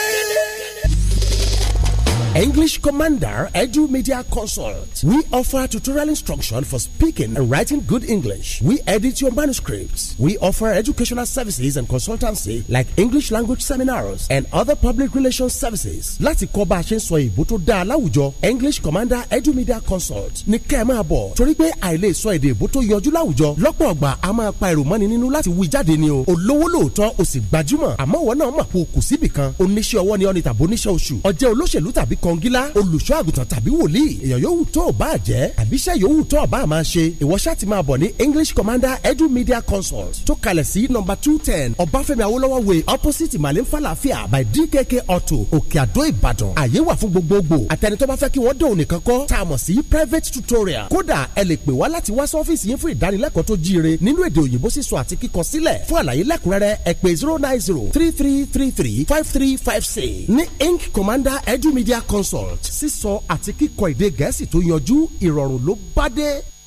English Commander Edu Media Consult. We offer tutorial instruction for speaking and writing good English. We edit your manuscripts. We offer educational services and consultancy like English language seminars and other public relations services. Láti kọ́ bá a ṣe ń sọ English Commander Edu Media Consult ní kẹ́ ẹ̀ máa bọ̀ torí pé àìlè sọ èdè ìbò tó yọjú láwùjọ lọ́pọ̀ ọgbà a máa pa èrò mọ́ni nínú láti wí jáde ni o. Olówó lóòótọ́ o sì gbajúmọ̀ àmọ́ ìwọ náà mà kó o kù síbì kan. Oníṣẹ́ ọwọ́ ni ọ́ni kọngílá olùṣọ́ àgùntàn tàbí wòlíì èèyàn yòówù tó o bá jẹ́ àbíṣẹ́ yòówù tó o bá máa ṣe ìwọ ṣá máa bọ̀ ní English Commander Edu Media Consult tó kalẹ̀ sí nọ́mbà two ten Ọbáfẹ́mi awolowo way opposite Malin Falafia by DKK Auto Òkè Àdó Ìbàdàn àyè wà fún gbogbogbò àtẹni tó bá fẹ́ kí wọ́n dẹ̀ òní kankan tá a mọ̀ sí private tutorial kódà ẹ lè pè wá láti wá sọ́fíìsì yín fún ìdánilẹ́kọ̀ọ́ tó jíire nínú èdè òyìnbó zero nine zero three three three three five three five six ní Ink Commander Edu Media consult sísọ àti kíkọ èdè gẹ̀ẹ́sì tó yanjú ìrọ̀rùn ló bá dé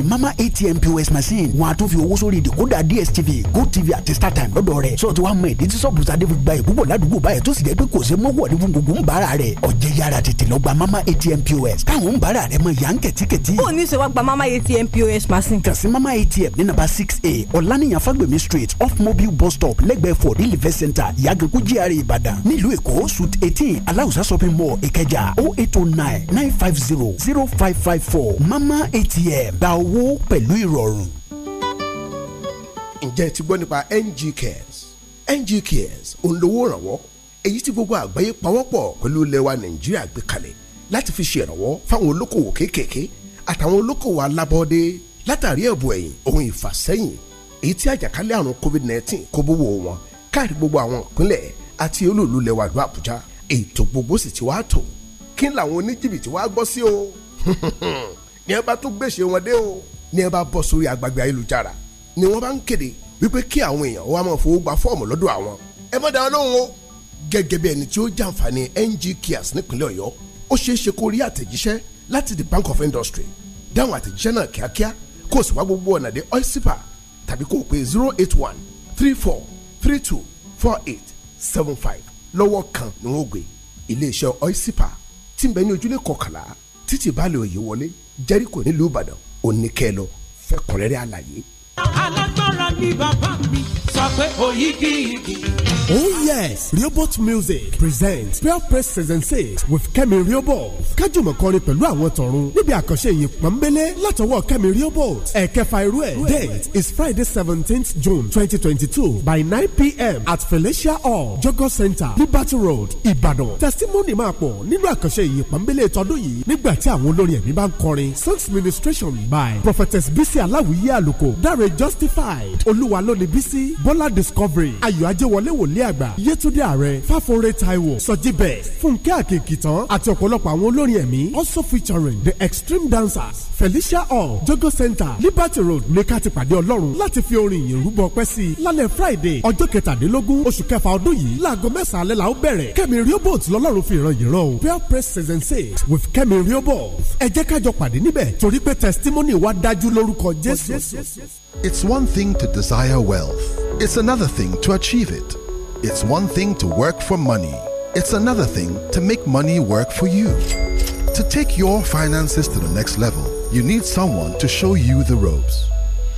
lórí mama atm pos machine wọn a tún fi owó sórí dekoda dstv gotv àti startime lọ́dọ̀ rẹ̀ sọ ti wá mọ ìdí tí sọ́ọ̀bù sadé fi gba ìbúbọ̀ ládùúgbò báyìí tó sì jẹ́ pé kò ṣe mọ́wọ́ ní gbogbo ń bára rẹ̀ ọ̀jẹ̀ yára tètè lọ gba mama atm pos káwọn ń bára rẹ̀ mọ yàn kẹ̀tíkẹ̀tí. ó ní sọ wá gba mama atm pos machine. kàn sí mama atm ní nàbà six a ọ̀lànìyàn fagbemi street off mobile bus stop lẹ́gbẹ̀ẹ́ for the live center ìyàgànkú gra ìbàdàn nílùú èkó suit eighteen aláùsá shopping mall ìkẹjà o oh eight o oh nine nine five zero zero five five four mama atm gba owó owó pẹ̀lú ìrọ̀rùn. ǹjẹ́ ti gbọ́ nípa NG Cares NG Cares òǹlówó ìrànwọ́ èyí tí gbogbo àgbáyé pawọ́pọ̀ pẹ̀lú ilẹ̀ wa Nàìjíríà gbé kalẹ̀ láti fi ṣèrànwọ́ fáwọn olókòwò kéékèèké àtàwọn olókòwò alábọ́ọ́dé látàrí ẹ̀bùn ẹ̀yìn ohun ìfàsẹ́yìn èyí tí àjàkálẹ̀ àrùn COVID-19 kó bówó wọn káàrí gbogbo àwọn ìpínlẹ̀ àti olúùlú lẹwà ìlú Àbújá ètò gbogbo sì ti wá tò kí làwọn oníjìbìtì wá gbọ́ sí o ní ẹ bá tún gbèsè wọn dé o ní ẹ bá bọ́ sórí agbègbè ayélujára ni wọ́n bá ń kéde wípé kí àwọn èèyàn wá máa fowó gba fọ́ọ̀mù lọ́dọ̀ àwọn ẹ má dá wọn lóhùn o gẹ́gẹ́ bí ẹni tí ó jàǹfààní NG Kias nípínlẹ̀ Ọ̀yọ́ ó ṣeé ṣe kó rí àtẹ̀jíṣẹ́ láti the Bank of Industry dáhùn àtẹ̀jíṣẹ́ náà kíákíá kó o sì wá gbogbo ọ̀nà dé oysipa tàbí kó o pè zero eight one three four three two four eight seven five lọ́wọ́ kan ni wọ́n gbé iléeṣẹ́ oysipa tí ń bẹ ní ojúlé kọkànlá títí baálé òye wọlé jẹ́ríkò nílùú ìbàdàn òní kẹ́ lọ àlàyé. alágbára ni bàbá mi sọ pé òyìnbí igi Oh yes, Robot Music presents Pure Press Season 6 with Kemi Robot. Kájùmọ̀ kọrin pẹ̀lú àwọn tọ̀run níbi àkànṣe ìyìn pọ̀nbélé látọwọ́ Kemi Robot. Ẹ̀kẹfà irú ẹ̀. Date is Friday seventeenth June twenty twenty two by nine pm at Felicia Hall, Jogos Center, Liberty Road, Ìbàdàn. Testimony máa pọ̀ nínú àkànṣe ìyìn pọ̀nbélé tọdún yìí nígbà tí àwọn olórin ẹ̀mí bá ń kọrin. Songs ministration by Prophets Bisi Aláwìyé Àlùkò, Dáre Justified, Olúwa Lóni Bisi, Bola Discovery, Ayọ̀ Ajẹ́wọlé Wòlé wòlíì àgbà yétúndé ààrẹ fáforé taiwo sọjí best fúnkẹ́ àkèkìtàn àti ọ̀pọ̀lọpọ̀ àwọn olórin ẹ̀mí also featuring the extreme dancers felicia hall jogo center liberty road ní ká ti pàdé ọlọ́run láti fi orin ìyìn rúbọ pẹ́ sí i lálẹ́ friday ọjọ́ kẹtàdínlógún oṣù kẹfà ọdún yìí láago mẹ́sàn-án alẹ́ la ó bẹ̀rẹ̀ kẹ́mi riobot lọ́lọ́run fi ìran yìí rán o prayer press season six with kẹ́mi riobot ẹ jẹ́ kájọ pàdé níbẹ̀ torí pé testimony wa dájú lórúkọ jésù. It's one thing to desire wealth. It's another thing to achieve it. It's one thing to work for money. It's another thing to make money work for you. To take your finances to the next level, you need someone to show you the ropes.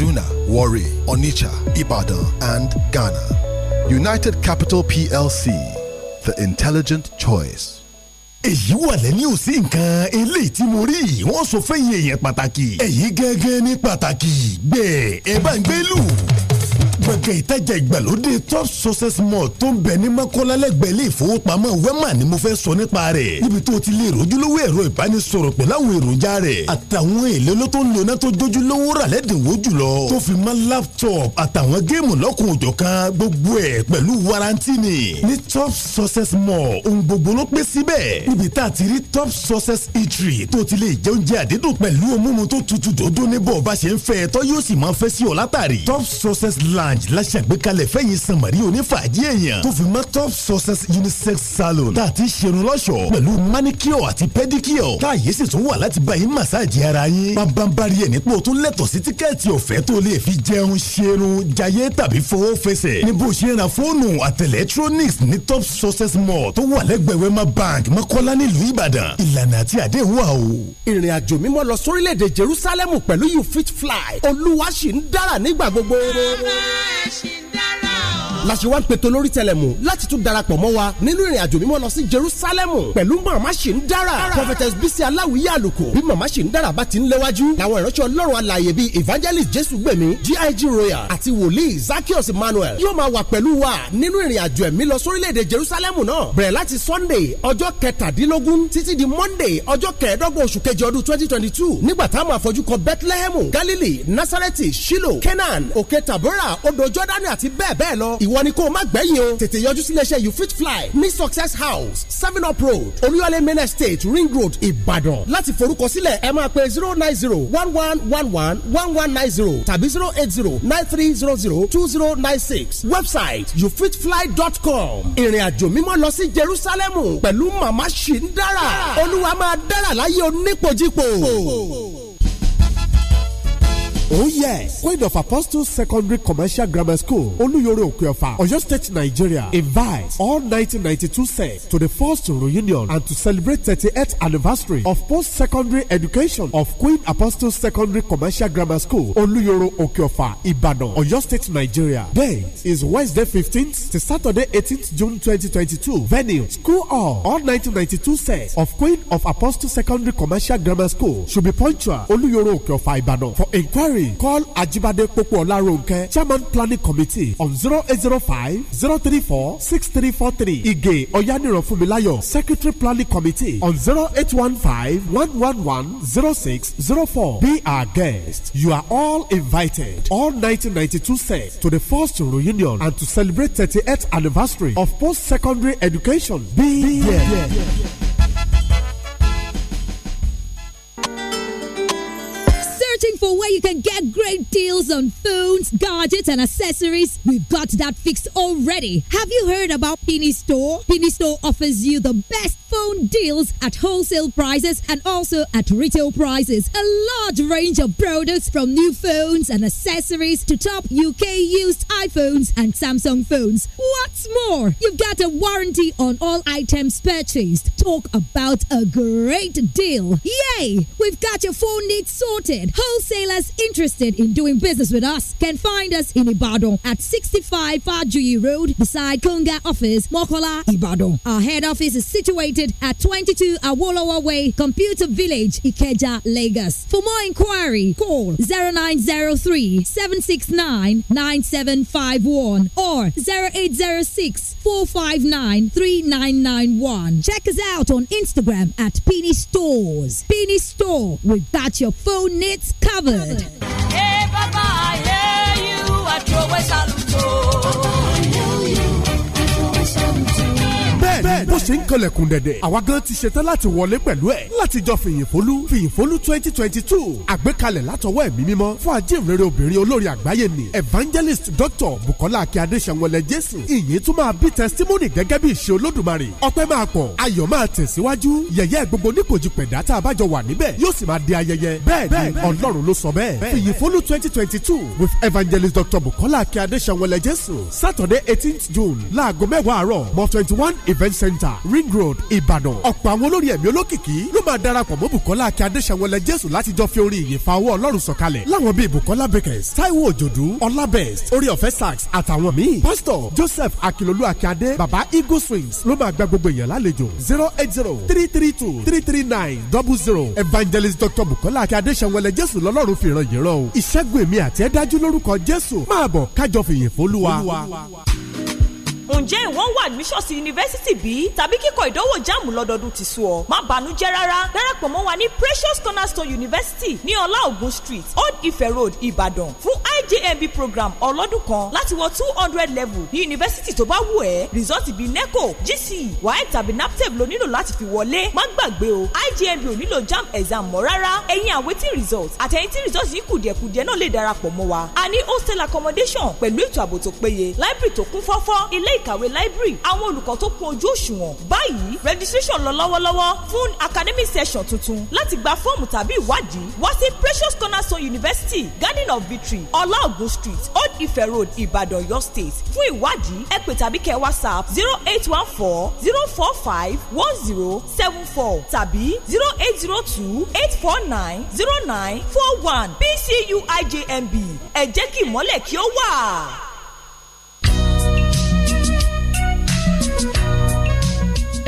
Kaduna, Warri, Onitsha, Ibadan, and Ghana. United Capital PLC, the intelligent choice. èyí wà lẹ́ni nǹkan eléyìí tí mo rí wọ́n sọ fẹ́yìn èèyàn pàtàkì èyí gẹ́gẹ́ ní pàtàkì gbẹ̀ẹ́ ẹ bá ń gbé lù. gbẹ̀gẹ̀ ìtajà ìgbàlódé top success mall tó ń bẹ ní mọ́kànlá lẹ́gbẹ̀ẹ́ ilé ìfowópamọ́ wema ni mo fẹ́ sọ nípa rẹ̀ níbi tó ti lè rojúlówó ẹ̀rọ ìbánisọ̀rọ̀ pẹ̀lú àwọn èròjà rẹ̀ àtàwọn èlé ló tó ń lò náà tó jójúlówó rà lẹ́dínwó jùlọ tó fi mọ́ laptop àtàwọn géèmù lọ́kùn òjọ̀ kan gbogbo ẹ̀ pẹ̀lú warranty ni ní top success mall ohun gbogbo ló pé síbẹ̀ níbi tá a ti rí top success eatery tó ti lè jẹ oúnjẹ àdídùn pẹ̀lú òmùmù tó tutù dòdó níbọ̀ bá ṣe ń fẹ́ tọ́ yóò sì máa fẹ́ sí ọ látàrí top success lounge láṣàgbékalẹ̀ fẹ́yìn sanmari onífàájì èèyàn tó fi mọ́ top success unisex salon tá a ti ṣerun lọ́ṣọ̀ pẹ̀lú manicure àti pedicure tá a yẹ sì tún wà láti bá yín massage ara yín pàbánbarí ẹ̀ nípò tó lẹ́tọ̀ sí tíkẹ́ẹ̀tì ọ̀fẹ́ tó lè fi jẹun ṣerun jayé tàbí fowó fẹsẹ̀ ní bó ṣe ra fóònù àti electronics ní top success mall tó wà lẹ́gbẹ̀ẹ́ wema bank mọ́kọ́lá nílùú ìbàdàn ìlànà àti àdéhùn wà o. ìrìn àjò mímọ́ lọ sórílẹ̀-èdè jerusalem pẹ̀lú you fit fly olúwa sì ń dára nígbà gbogbo. tunashindana la ṣe wá ń pètò lórí tẹlẹmù láti tún darapọ̀ mọ́ wa nínú ìrìn àjò mímọ́ lọ sí Jerusalem pẹ̀lú màmá ṣì ń dára prophetess bisi aláwìyé àlùkò bí màmá ṣì ń dára bá ti ń léwájú làwọn ìránṣẹ́ ọlọ́run alààyè bíi evangelist jésù gbèmí gig royal àti wòlíì zakios emmanuel yóò máa wà pẹ̀lú wa nínú ìrìn àjò ẹ̀mí lọ sórílẹ̀-èdè Jerusalem náà bẹ̀rẹ̀ láti Sunday ọjọ́ kẹtàdínlógún títí di Monday ọjọ́ kẹẹ̀ẹ́dọ́gbọ̀n oṣù kejì ọdún twenty twenty two nígbà táwọn àfọjúkọ Bethlehem Galilee Nazareth Shiloh Canaan òkè tabora odò Jọ́dánì àti ìwọ ni kó o má gbẹ̀yìn o tètè yọjú sí iléeṣẹ́ you fit fly ní success house seven up road olúyọlé main estate ring road ìbàdàn láti forúkọsílẹ̀ ẹ máa pe zero nine zero one one one one one one nine zero tàbí zero eight zero nine three zero zero two zero nine six website youfitfly.com ìrìn àjò mímọ́ lọ sí jerusalemu pẹ̀lú màmá ṣì ń dára olúwa máa dára láyé onípojípo. Oh yes, Queen of Apostles Secondary Commercial Grammar School, Oluyore Okuyofa, Oyo State, Nigeria, invites all 1992 sets to the first reunion and to celebrate 38th anniversary of post-secondary education of Queen Apostles Secondary Commercial Grammar School, Oluyoro Okuyofa, Ibadan, Oyo State, Nigeria. Date is Wednesday 15th to Saturday 18th June 2022. Venue, School Hall. All 1992 sets of Queen of Apostles Secondary Commercial Grammar School should be punctual, Oluyoro Okuyofa, Ibadan. For inquiry query call Ajibade Popo Olaronke chairman planning committee on zero eight zero five zero three four six three four three Ige Oyaniran Funmilayo secretary planning committee on zero eight one five one one one zero six zero four be our guest you are all invited all nineteen ninety two sets to the first reunion and to celebrate thirty-eighth anniversary of post-secondary education be, be there. there. there. for where you can get great deals on phones, gadgets, and accessories, we've got that fixed already. Have you heard about Pini Store? Pini Store offers you the best phone deals at wholesale prices and also at retail prices. A large range of products from new phones and accessories to top UK used iPhones and Samsung phones. What's more, you've got a warranty on all items purchased. Talk about a great deal. Yay! We've got your phone needs sorted. Wholesale Sailors interested in doing business with us can find us in Ibadan at 65 Fajuyi Road beside Konga office, Mokola, Ibadan. Our head office is situated at 22 Awolowo Way, Computer Village, Ikeja, Lagos. For more inquiry, call 0903 769 9751 or 0806 459 3991. Check us out on Instagram at Pini Stores. Pini Store, we've got your phone knits covered covered. Hey, Papa, ṣe ń kanlẹ̀kùn dẹ̀dẹ̀ àwa gan ti ṣetán láti wọlé pẹ̀lú ẹ̀ láti jọ fìyìn fólú fìyìn fólú twenty twenty two àgbékalẹ̀ látọwọ́ ẹ̀mí mímọ́ fún ajínrere obìnrin olórí àgbáyé ni evangelist doctor bukola akíade sanwó-ẹlẹ jésù ìyìn tún máa bí testimony gẹ́gẹ́ bí ìṣe olódùmarè ọpẹ́ máa pọ̀ ayọ̀ máa tẹ̀síwájú yẹ̀yẹ́ gbogbo nípòjìpẹ̀dá tá a bá jọ wà níbẹ̀ yóò sì máa di ayẹyẹ bẹ́ẹ̀ ni ọlọ́run ló sọ bẹ́ẹ̀ fìyìn fólú twenty twenty two with evangelist doctor bukola akíade sanwó-ẹlẹ jésù saturday eighteenth june láago mẹ́wàá àárọ̀ mọ́ twenty one event center ring road ìbàdàn ọ̀pọ̀ àwọn olórí ẹ̀mí olókìkí ló máa darapọ̀ mọ́ bukola akí adéṣẹ́wọlẹ̀ jésù láti jọ fi orin ìyè fa ọwọ́ ọlọ́run sọ̀kalẹ̀ láwọn bíi bukola bakers taiwo òjòdú ọlá best orí ọ̀fẹ́ sax àtàwọn míì pásítọ̀ joseph akilolu akíade baba eagle swings ló máa gba gbogbo èèyàn lálejò zero eight zero three three two three three nine double zero evangelist Doctor bukola akí adéṣẹ́wọlẹ̀ jésù lọ́lọ́run fi ìran yìí rán o ìṣẹ́gun èmi àti ẹ̀dájú lórúkọ jésù máa bọ̀ kájọ fìyìn fólúwa ǹjẹ́ ìwọ ń wá admission sí yunifásítì bí? tàbí kíkọ ìdánwò jáàmù lọ́dọọdún ti sú ọ? má bànújẹ́ rárá darapọ̀ mọ́ wa ní Precious Cornerstone University ní ọlá ògùn street Old Ife Road Ìbàdàn fún IJMB program ọlọ́dún kan láti wọ two hundred level ní yunifásítì tó bá wù ẹ́ result bíi NECO GC. WAEC e tàbí NAPTEP ló nílò láti fi wọlé má gbàgbé o IJMB ò nílò JAMB exam mọ́ rárá ẹ̀yin àwetí result àtẹ̀yìn tí result yìí kùdìẹ̀kudiẹ náà lè darapọ̀ mọ́ wa a ní hostel accommodation pẹ̀lú ètò ààbò tó péye library tó kún fọ́fọ́ ilé ìkàwé library àwọn olùkọ́ tó kún ojú òṣùwọ̀n báyìí registration lọ lọ́wọ́lọ́wọ́ fún academic session tuntun láti gba fọ́ọ̀mù tàbí ìwádìí wá sí precious cornerstone university garden of victory ọláògùn street old ife road Ibadan, your state fún ìwádìí ẹ pè tàbí kẹ whatsapp zero eight one four zero four five one zero seven four tàbí zero eight zero two eight four nine zero nine four one pcuijmb ẹ jẹ́ kí ìmọ́lẹ̀ kí ó wà.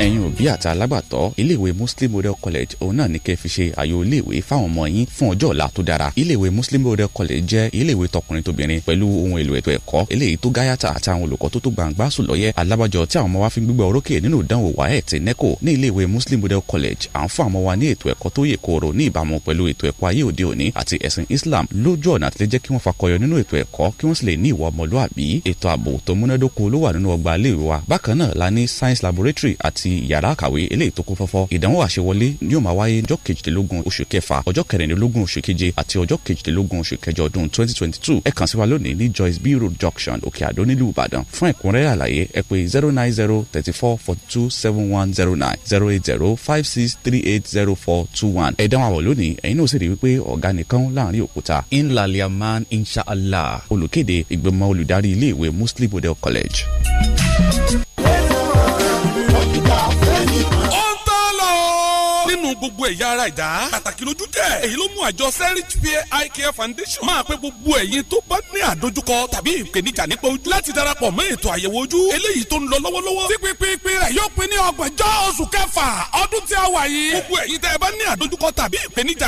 and òbí àti alágbàtọ́ iléèwé muslim model college òun náà ní kẹ́ fi ṣe àyò iléèwé fáwọn ọmọ yín fún ọjọ́ ọ̀la tó dára iléèwé muslim model college jẹ́ iléèwé tọkùnrin tóbìnrin pẹ̀lú ohun èlò ètò ẹ̀kọ́ eléyìí tó gáyàtà àti àwọn olùkọ́ tó tó gbàǹgbà sùn lọ́yẹ́ alábàjọ tí àwọn ọmọ wa fi ń gbígbọ́ orókè nínú ìdánwò waec neco ní iléèwé muslim model college à ń fún àwọn ọmọ wa ní ètò ẹ̀kọ́ tó yè kooro ní ìbámu pẹ̀lú ètò ẹ̀kọ́ ayé òde òní àti ẹ̀sìn islam lójú ọ̀nà àti lè jẹ́ kí wọ́n fakọyọ nínú ètò ẹ̀kọ́ kí wọ́n sì lè ní ìwà ọmọlúwàbí ètò ààbò tó múnádóko ló wà nínú ọgbà science laboratory àti yàrá kàwé eléyìí tó kún fọ́fọ́ ìdánwò àṣewọlé ni yóò máa wáyé ọjọ́ kejìdínlógún oṣù kẹfà ọjọ́ kẹrìndínlógún oṣù keje àti ọjọ́ kejìdínlógún oṣù kẹjọ ọdún twenty twenty two ẹ kàn sí wa lónìí ní Joyce B Road junction Òkè Àdó nílùú Ìbàdàn fún ẹ̀kúnrẹ́rẹ́ àlàyé ẹ pè zero nine zero thirty four four two seven one zero nine zero eight zero five six three eight zero four two one ẹ dáhùn àwọ̀ lónìí ẹ̀yin náà sì rí wípé ọ̀gá nìkan láàrin òkúta inlaliaman inshallah olùkéde ìgbìmọ̀ olùdarí Muslim Model College. gbogbo ẹ̀yà ara ìdá pàtàkì lójú tẹ̀ èyí ló mú àjọ serich fair eye care foundation máa pé gbogbo ẹ̀yin tó bá ní àdójúkọ tàbí ìpèníjà nípa ojú láti darapọ̀ mọ́ ètò àyẹ̀wò ojú eléyìí tó ń lọ lọ́wọ́lọ́wọ́ tí pínpín rẹ̀ yóò pín ní ọgbọ̀njọ́ oṣù kẹfà ọdún tí a wà yìí gbogbo ẹ̀yin tẹ́ bá ní àdójúkọ tàbí ìpèníjà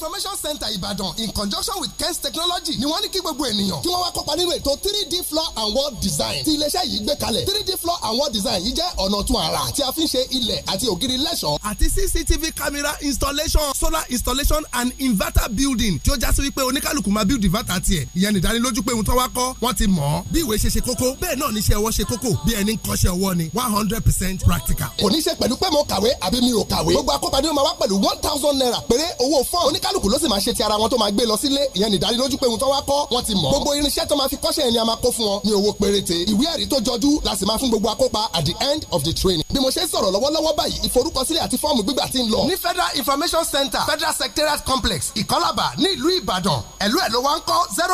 Information center ìbàdàn in conjunction with kens technology ni wọ́n ní kí gbogbo ènìyàn kí wọ́n wá kópa nínú ètò 3 d floor and wall design tí iléeṣẹ́ yìí gbé kalẹ̀ three d floor and wall design yìí jẹ́ ọ̀nà tún ara tí a fi ń ṣe ilẹ̀ àti ògiri lẹ́ṣọ̀ọ́. àti cctv camera installation solar installation and inverter building tí ó já sí wípé oníkálukú máa build inverter tiẹ̀ ìyẹn nìdánilójú pé ohun tó wá kọ́ wọ́n ti mọ̀ ọ́ bí ìwé ṣe ṣe kókó bẹ́ẹ̀ náà níṣẹ́ ọwọ́ ṣe kókó bí ẹni ń kọ́ṣẹ́ ọwọ́ ni one hundred percent practical. kò ní ṣe pẹ̀lú pé mo kàwé àbí mi ò kàwé gbogbo akópa ni ó máa one thousand naira péré owó fọ́ọ̀n oníkálukú ló sì máa ṣe ti ara wọn tó máa gbé lọ sílé ìyẹn nìdánilójú pé ohun tó wá kọ́ wọn ti mọ̀ gbogbo irinṣẹ́ tó máa fi kọ́ṣẹ́ yẹn ni a máa kó fún wọn ní owó péréte ìwé ẹ̀rí tó jọjú la sì máa fún gbogbo akópa at the end of the training bí mo ṣe ń sọ̀rọ̀ lọ́wọ́lọ́wọ́ báyìí ìforúkọsílẹ̀ àti fọ́ọ̀mù gbígbà ti ń lọ. ní federal information center federal secretariat complex ìkọ́làbà ní ìlú ìbàdàn ẹ̀lú ẹ̀ ló wá ń kọ́ zero